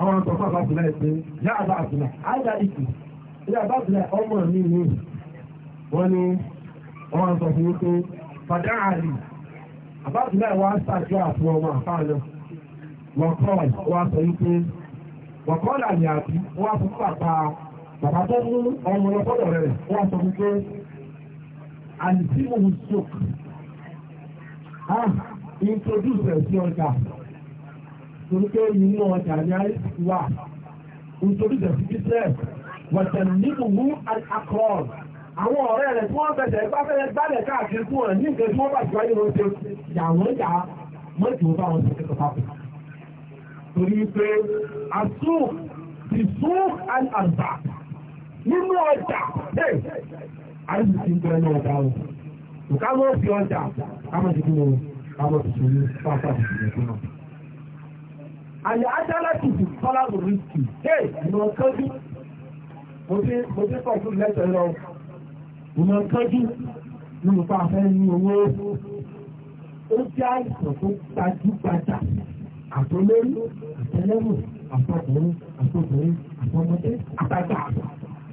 àwọn ọ̀tọ̀ fún àbáṣìlá ẹ̀sìn yá àbáṣìlá àìdá ìkù ilé àbáṣìlá ọmọ mi ní wọ́n ní wọ́n sọ fún wípé fàdá àlì àbáṣìlá wa ṣàjọ àfún ọmọ àfáà náà wọ́n kọ́ wa sọ wípé wọ́n kọ́ làmì àbí wọ́n fún pàpà bàbá tó mú ọmọ lọ́pọ̀lọ̀ rẹ̀ wọ́n sọ wípé àlìsí mò ń sọk ah introduce ẹ̀ sí ọjà torí inú ọjà ní àìsí wà nítorí the business wọ̀tẹ̀n nínú mú alcohol àwọn ọ̀rẹ́ rẹ̀ tí wọ́n bẹ̀rẹ̀ bá fẹ́ káàkiri fún ẹ̀ ní nǹkan tí wọ́n bá ti wáyé wọn ṣe yà yà mọ́jú bá wọn ṣe kẹ́kọ̀ọ́ papọ̀ torí pé àsúù àyà ájálá ti kọ́lá lò rí sí ẹ̀ ìmọ̀ kánjú mo ti pọ̀ fún lẹ́sẹ̀ lọ ìmọ̀ kánjú ní mo bá fẹ́ ní owó ó jẹ́ àìsàn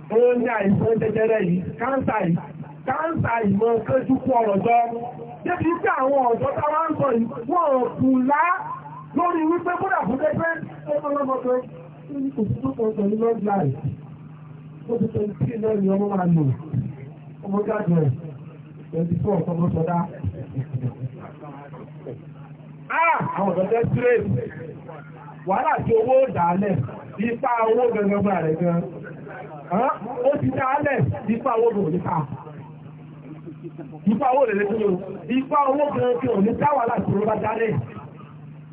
tó ó ní àìsàn jẹjẹrẹ yìí káńsà yìí káńsà ìmọ̀ kánjú kú ọ̀rọ̀ jọ débi pé àwọn ọ̀dọ́ táwọn ń sọ yìí wọ́n kù láà lórí wípé kódà fún tẹ́tẹ́ ọmọ ọlọ́mọdé ní kò sí tó kọ pẹ̀lú lọ́ọ̀dì láì ó ti tẹ̀lé sí lẹ́rìí ọmọ máa lò ọmọ jáde rẹ̀ twenty four ọmọ sọdá. Ah! àwọn ọ̀dọ́ tẹ́ straight wàhálà tí owó dàálẹ̀ ipa owó gẹ̀gẹ̀gbà rẹ̀ gan ó ti dàálẹ̀ ipa owó gẹ̀gẹ̀ nípa ipa owó rẹ̀ lẹ́gbẹ̀ẹ́ ipa owó gẹ̀gẹ̀ òní táwà bá dàálẹ̀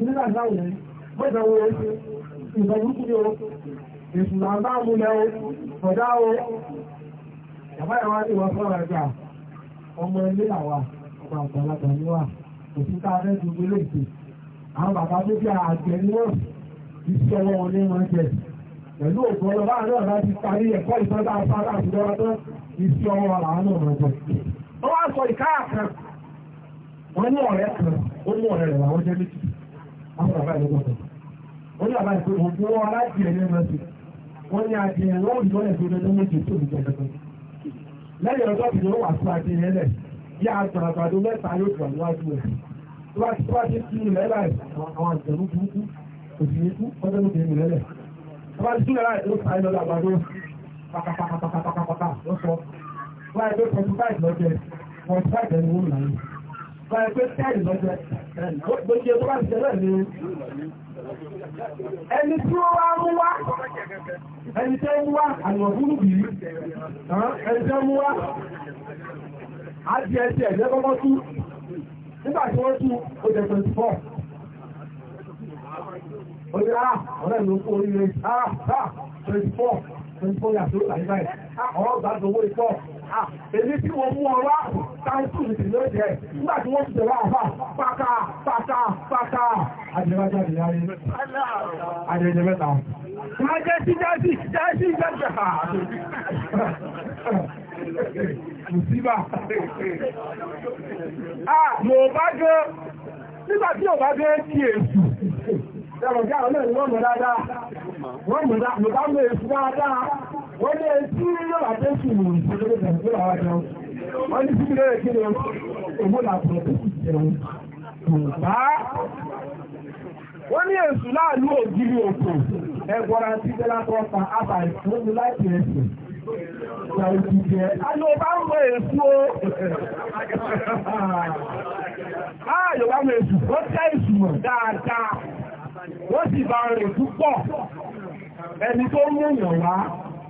ndị na yìí mọ́ta wo oṣù ìgbà burúkú ni o èsù là ń bá mú lẹ a àwọn bàbá ìlọ́gbọ̀tọ̀ wọ́n ní àbá ìpé òkú wọn aláàjì ẹ̀yẹ mẹ́sì wọ́n ní adìẹ wọ́n ìjọ́lẹ̀ tó lọ́dọ́ méje tó lè jẹ́gbẹ́ lẹ́yìn ọjọ́ tí ó wà fún adìẹ lẹ̀ bí àgbàlagbàdo mẹ́ta yóò gbà níwájú rẹ̀ tó bá ti tó bá ti tú ilẹ̀ láì àwọn àjẹ̀rú burúkú òsì ikú ọjọ́ ló bèèrè lẹ́lẹ̀ tó bá ti tú ilẹ̀ láì ó sáré lọ́dọ̀ àgbàdo pàkàpàkàpàkàpàkà lọ́sọ̀ wọ́n á yẹ pé forty five lọ́jẹ́ forty five báyẹ̀ ẹni tí ó wá mú wá ẹni tẹ́ mú wá àwọn búrúbì ẹni tẹ́ mú wá á di ẹ̀tì ẹ̀jẹ́ kọ́kọ́ tú nígbà tí wọ́n tú ó 24 ó ní àà ah, ọ̀rẹ́ ìlú kú oríire àà 24 24 yàtọ̀ àyíká ẹ̀ àwọn ọgbà gbogbo ìpọ̀ èmi tí wọ́n mú ọwá táìkù nìtì lóde ẹ̀ nígbà tí wọ́n ti àfà pátá pátá pátá àjẹmájáde láyé àjẹjẹ mẹ́ta májẹ́ sí wọ́n mọ̀ dáadáa wọ́n mọ̀ dáadáa wọ́n ní ẹni tí yóò àjẹ́ sí ìlú ìṣẹ́lẹ̀ tẹ̀sí àwọn àjẹun wọ́n ní síbi lẹ́yìn kí ni owó làbọ̀ tó sì jẹun bá wọ́n ní èsù láàlú ògiri òkò ẹgbọ́ra sí tẹ́látọ́ ta àbà ìfúnni láti ẹ̀sìn ìgbà òjìjẹ aló bá ń ah, mọ èsù o ààyò bá mọ èsù wọ́n tẹ́ èsù mọ̀ dáadáa wọ́n sì bá rìn púpọ̀ ẹni tó mú yàn wá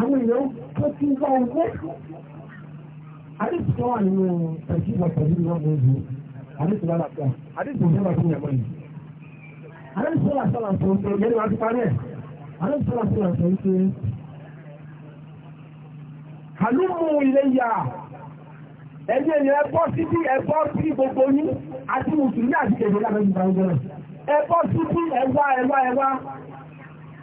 àwọn èèyàn tó ti ń bá ọgbẹ́ àdéhùn tó wà nínú ẹ̀jú ìgbàgbọ́ nínú ọgbọ́n ìlú àdéhùn tó wà lápá àdéhùn tó wà fún ìyàmọ́ yìí àdéhùn tó wà sọ̀rọ̀ tó ń pè é yẹn wá ti parí ẹ̀ àdéhùn tó wà sọ̀rọ̀ tó ń pè é. àlùmù ilé yà ẹni ẹni ẹgbọ́ síbí ẹgbọ́ sí gbogbo yín àti mùsùlùmí àti kèdè lábẹ́ ìgbà ọgbọ́n ẹgbọ́ síbí ẹwà ẹwà ẹwà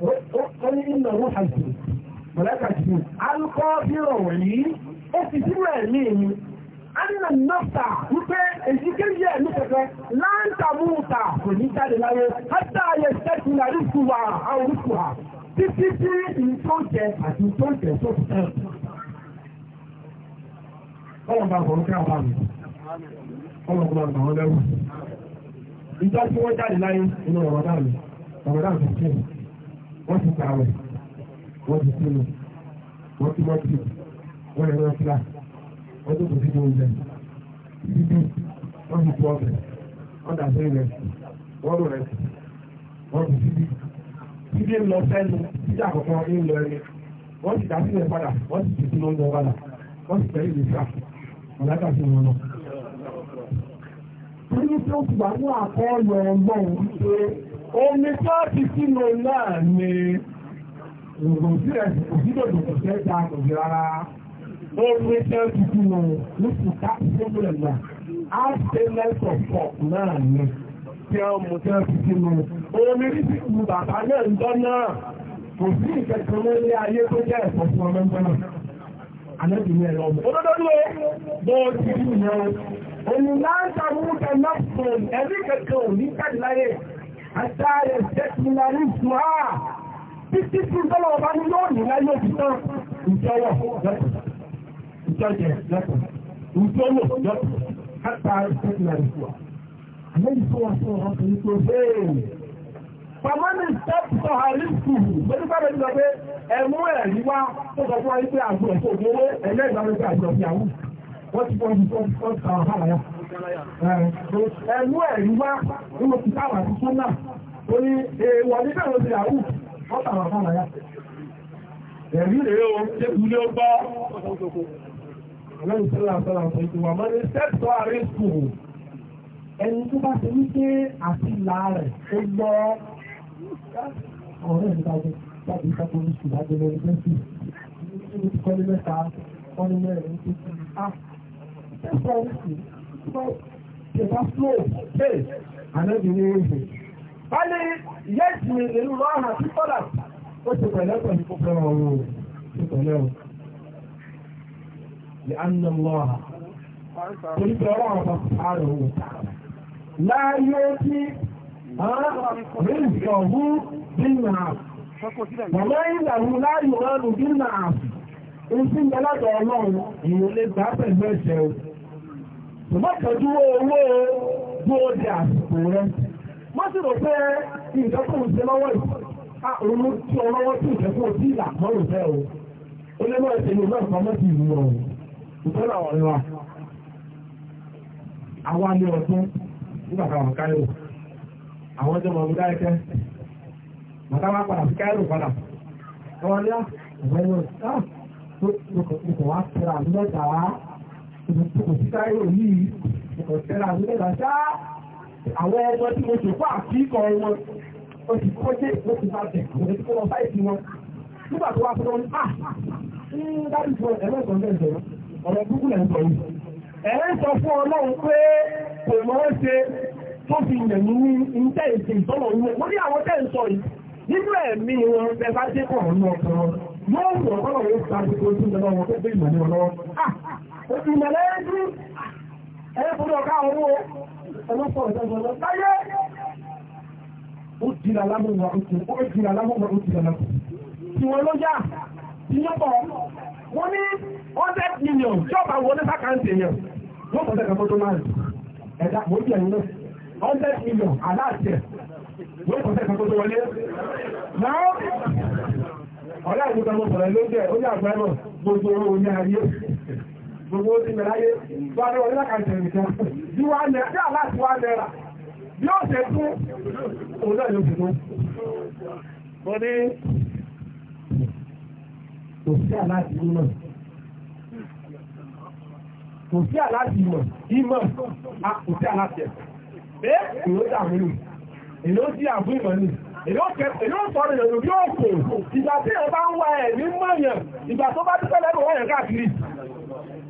ó ní ìnà owó àìsàn mọ̀lẹ́kà jù alùpọ̀ bí ọ̀wọ̀ yìí ó fi sínú ẹ̀mí mi anna nọ́ta wípé èyíkéyìí ẹ̀mí kẹ̀kẹ́ láńtàmúta kò ní jáde láyé hátà ayé sẹ́kù náà rí fún wa àwọn wọ́n ti tààwẹ̀ wọ́n ti sínú wọ́n ti mọ́tì wọ́n lè rán fúlà wọ́n tó kò sí ní oúnjẹ bíbí wọ́n ti kú ọbẹ̀ wọ́n dà sí rẹ̀ wọ́n rò rẹ̀ wọ́n ti síbí síbí ń lọ sẹ́nu síbí àkọ́kọ́ ń lọ ẹni wọ́n ti dà rẹ̀ padà wọ́n ti tètè lóúnjẹ padà wọ́n ti tẹ̀lé ìlú fà ọ̀làkà sí wọn lọ. Nínú tó gbà ní àkọọ́lẹ̀ ọgbọ́n omi sáà ti sínú náà ni òògùn sí ẹ̀sìn kò sí lòdì kò fẹ́ ta òbí rárá ó ní ṣe tuntun nù ní sùkà sílẹ̀ náà á ṣe lẹ́sọ̀ pọ̀ náà ni tí ó mú ṣe tuntun nù omi rí sí ìlú bàbá náà ń dán náà kò sí ìkẹ̀kẹ̀ lórí ayé tó jẹ́ ẹ̀fọ́ fún ọmọ ẹgbẹ́ náà àlẹ́bìnrin ẹ̀rọ ọmọ olódọ́dúró bó ti rí ìyẹn òní láńtà múta náà fún ẹ̀rí kẹ̀kẹ́ òní jáde láyé àtàrẹ̀ tẹ́kùnlá ní ṣùgbọ́n títí tí ìtọ́lọ̀ ọba ní yóò ní láyé ìtọ́ ìjọwọ́ lẹ́kùn ìjọjẹ lẹ́kùn ìjọwọ́ lẹ́kùn káta ìṣẹ́lẹ̀ àríkù Wọ́n ti wọ́n ti wọ́n ti wọ́n ti kàwọn hàn láyà. Ẹ̀mú ẹ̀rí ti táwọn àti sọ́nà. Orí èèwọ̀ nígbà wo ti yàwó Ẹ̀rí rẹ̀ o, ṣe ilé ó gbọ́. Ọlọ́run sọ́lá sọ́lá sọ ìtùwà mọ́ ní sẹ́tọ̀ àrí ìsùnwò. Ẹni tó bá ti ní pé àti ìlà rẹ̀ ó gbọ́. Ọ̀rẹ́ mi dájú, dájú ìfẹ́ tó ní ṣùgbọ́n àjẹmọ́ ẹgbẹ́ sí. Ibi tí kọ́lé mẹ́ta, kọ́lé mẹ́rin tó ti ṣe bá flow, ṣe, bá lè yẹ́ ìjìnlẹ̀ ìlú lọ́rùn àti kọ́là ó ti pẹ̀lẹ́ pẹ̀lú púpọ̀ ọ̀rọ̀ ti pẹ̀lẹ́ o lè á nà mọ́ ọ̀hà torí pé ọ̀rọ̀ ọ̀rọ̀ ààrẹ òun láàyè tí rìnzọ̀ hú bínú ààfù bàbá ìlànà láàyè ránù bínú wọ́n sì rò pé ìjọkùn ṣe lọ́wọ́ yìí a òun tí ọ lọ́wọ́ tí ìjọkùn tí ìlà kan rò fẹ́ o ó lé mọ́ ẹsẹ̀ ìlú ọ̀kan mọ́ sí ìlú ọ̀hún ìtọ́lá ọ̀rẹ́ wa àwa ní ọdún nígbà kan àwọn káyọ̀ àwọn ọjọ́ mọ̀ ọdún dáìkẹ́ màtá wá padà sí káyọ̀ padà wọ́n ní àwọn ẹ̀rọ ìta tó wá tẹ̀ra àdúgbò tàwa sí káyọ̀ yìí ìbùkún tẹ̀ra àdúgbò àwọn ọmọ tí mo ṣe fún àfíkọ wọn ó ti kọ́jẹ́ bá jẹ àwọn tí kò lọ sáìsì wọn nígbà tó wá fún wọn ah, hmm, ń dájú fún ẹlẹ́sọ̀ lẹ́sẹ̀ ọ̀rọ̀ gúgú lẹ́ sọ yìí ẹ̀rẹ́ sọ fún ọlọ́run pé kò mọ́ ó ṣe tó fi yẹ̀ ní iṣẹ́ ìṣe ìtọ́nà ìwé wọ́n ní àwọn tẹ́ ń sọ yìí nínú ẹ̀mí wọn ẹ dé pọ̀ ọ̀nà ọ̀kan yóò wọ̀ ọ̀kọ́lọ̀ yóò sa gbogbo ojú ìjọba wọn tó gbé ìmọ̀ ní ọlọ́wọ́ ọlọ́pọ̀ ìdájọ́ láyé ó dìrà lámùwà òkú ó dìrà lámùwà òkú lọ́pọ̀ tí wọ́n ló yá tí yóò pọ̀ wọ́n ní hundred million jọba wọlé sákàǹtì èèyàn wọ́n pọ̀ tẹ̀kọ̀ tó máa ẹ̀dá mo bí ẹ̀yìn náà hundred million aláàtẹ̀ wọ́n pọ̀ gbogbo ti mẹ́láyé tó adé wọlé lákàtẹ̀ nìkan bí wá nẹ bí aláàtí wá nẹ́ra bí ó ṣe tún òun náà yóò dùn ó ní kò sí aláàtí mímọ̀ kò sí aláàtí ìmọ̀ ìmọ̀ kò sí aláàtí ẹ̀ bẹ́ẹ̀ ìlú dàmú nù ìlú sí àbú ìmọ̀ nù èyí ó sọ̀rọ̀ ìrìnàjò bí ó kò ìgbà tí ẹ̀ bá ń wá ẹ̀ ní mọ̀yàn ìgbà tó bá dúpẹ́ lẹ́nu wọ́n yẹn káàkiri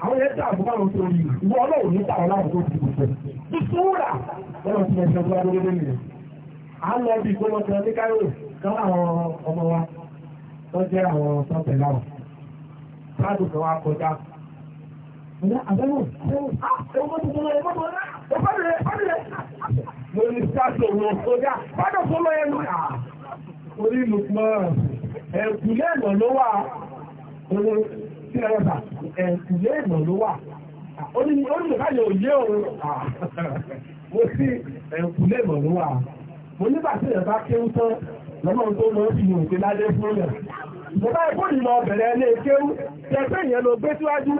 àwọn yẹn tààbù tó rí ìwọ ọlọ́run ní tààwọn láwọn tó ti gbogbo ìṣúra lọ́wọ́ tí wọ́n ti ọjọ́ agbẹ́gbẹ́ nìyẹn à lọ bí ìgbọ́mọ ní káyọ̀ kan àwọn ọmọ wa tó jẹ́ àwọn kan wá kọjá sí ẹ̀rọ̀dà ẹ̀kùnlé ìmọ̀ ló wà oníbàyẹ̀ òye òun mo sí ẹ̀kùnlé ìmọ̀ ló wà mo nígbà tí ẹ̀bá kéwú tán lọ́nà tó mọ́ sí òkè fún rẹ̀ mo bá ẹ̀kọ́ ìlọ bẹ̀rẹ̀ ilé kéwú ìyẹn ló gbé síwájú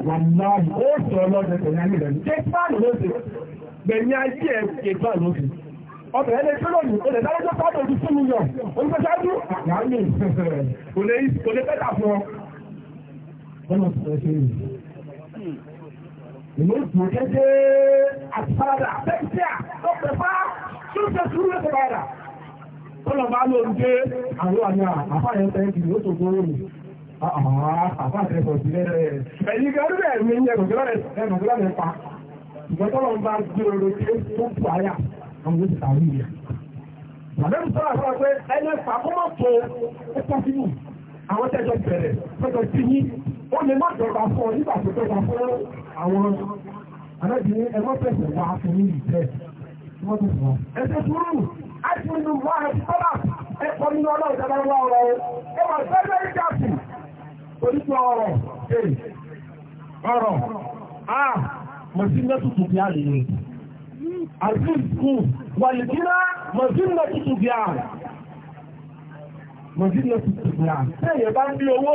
ó sọ ayé rẹ̀ ló ayé ẹ̀ ṣe ló olè dáwọ́jọ́ ojú fún mi yọ àgbà mi kò lè bọ́lá ti fẹ́ ṣe rè èyí tó kéde tó pẹ̀fá tó ṣe sùúrù lẹ́sẹ̀ padà bá ló ń gbé àwọn ní ẹgbẹ̀gbẹ̀ rẹ̀ pa ìgbẹ́ tọ́lọ̀ ń bá gbé oró tí ó tó tù àyà àwọn oṣù ó lè má dọ̀gba fún ọ nígbà tó dọ̀gba fún àwọn arábìnrin ẹgbẹ́ pẹ̀sẹ̀ wà fún ní ìtẹ́ ẹsẹ̀ túrú àti inú wà ẹ̀sì tọ́lá ẹ̀kọ́ nínú ọlọ́run dáadáa wà ọ̀rọ̀ ẹ wà sẹ́lẹ̀ ìjàpù oníṣẹ́ ọ̀rọ̀ ọ̀rọ̀ a mọ̀sílẹ̀ tutù bí a lè ní àzíz kù wàlìkínà mọ̀sílẹ̀ tutù bí a mọ̀sílẹ̀ tutù bí a tẹ́yẹ̀ bá ń bí owó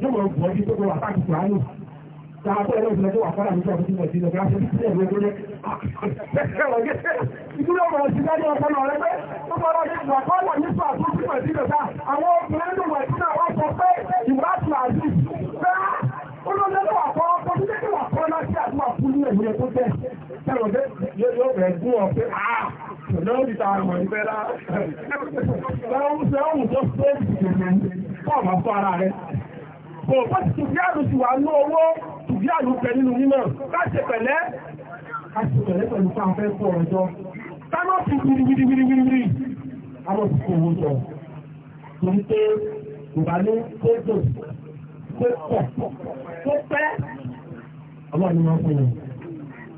yóò mọ̀ bọ̀ ibi tó kọ wà káàkiri kùránù tààtọ̀ ẹlẹ́yìn ìfúnlẹ̀ tó wà fọ́nà nígbà tó ti mọ̀ sí ilẹ̀ gíláṣẹ́ tó ti ẹ̀rọ gbẹ́gbẹ́ ìdúró ọmọ òṣìṣẹ́ ní ọpọlọ rẹ pé ó fọ́nà ọ kò wọ́n ti tùbí àrùn ti wà ní owó tùbí àrùn pẹ̀ nínú mímọ̀ láti pẹ̀lẹ́ láti pẹ̀lẹ́ pẹ̀lú fáfẹ́ fún ọjọ́ táwọn ti wíríwíríwíríwírí àwọn ti kò owó jọ torí pé ìbálé tó dò tó pọ̀ tó pẹ́ ọlọ́run ni wọ́n fún yẹn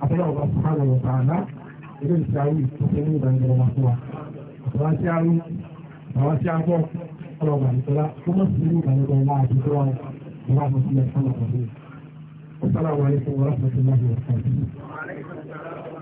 àbúrò ọ̀gá fún àwọn ọ̀gá àná ilé ìṣàwí tó fẹ́ ní ìdánilẹ́wọ̀n máa fún wa àwọn tí a rú àwọn tí a gbọ́ ọlọ́run àdìsọ́lá tó mọ̀ sí ní ìdánilẹ́wọ̀n máa àdìsọ́lá ورحمة الله وبركاته والسلام عليكم ورحمة الله وبركاته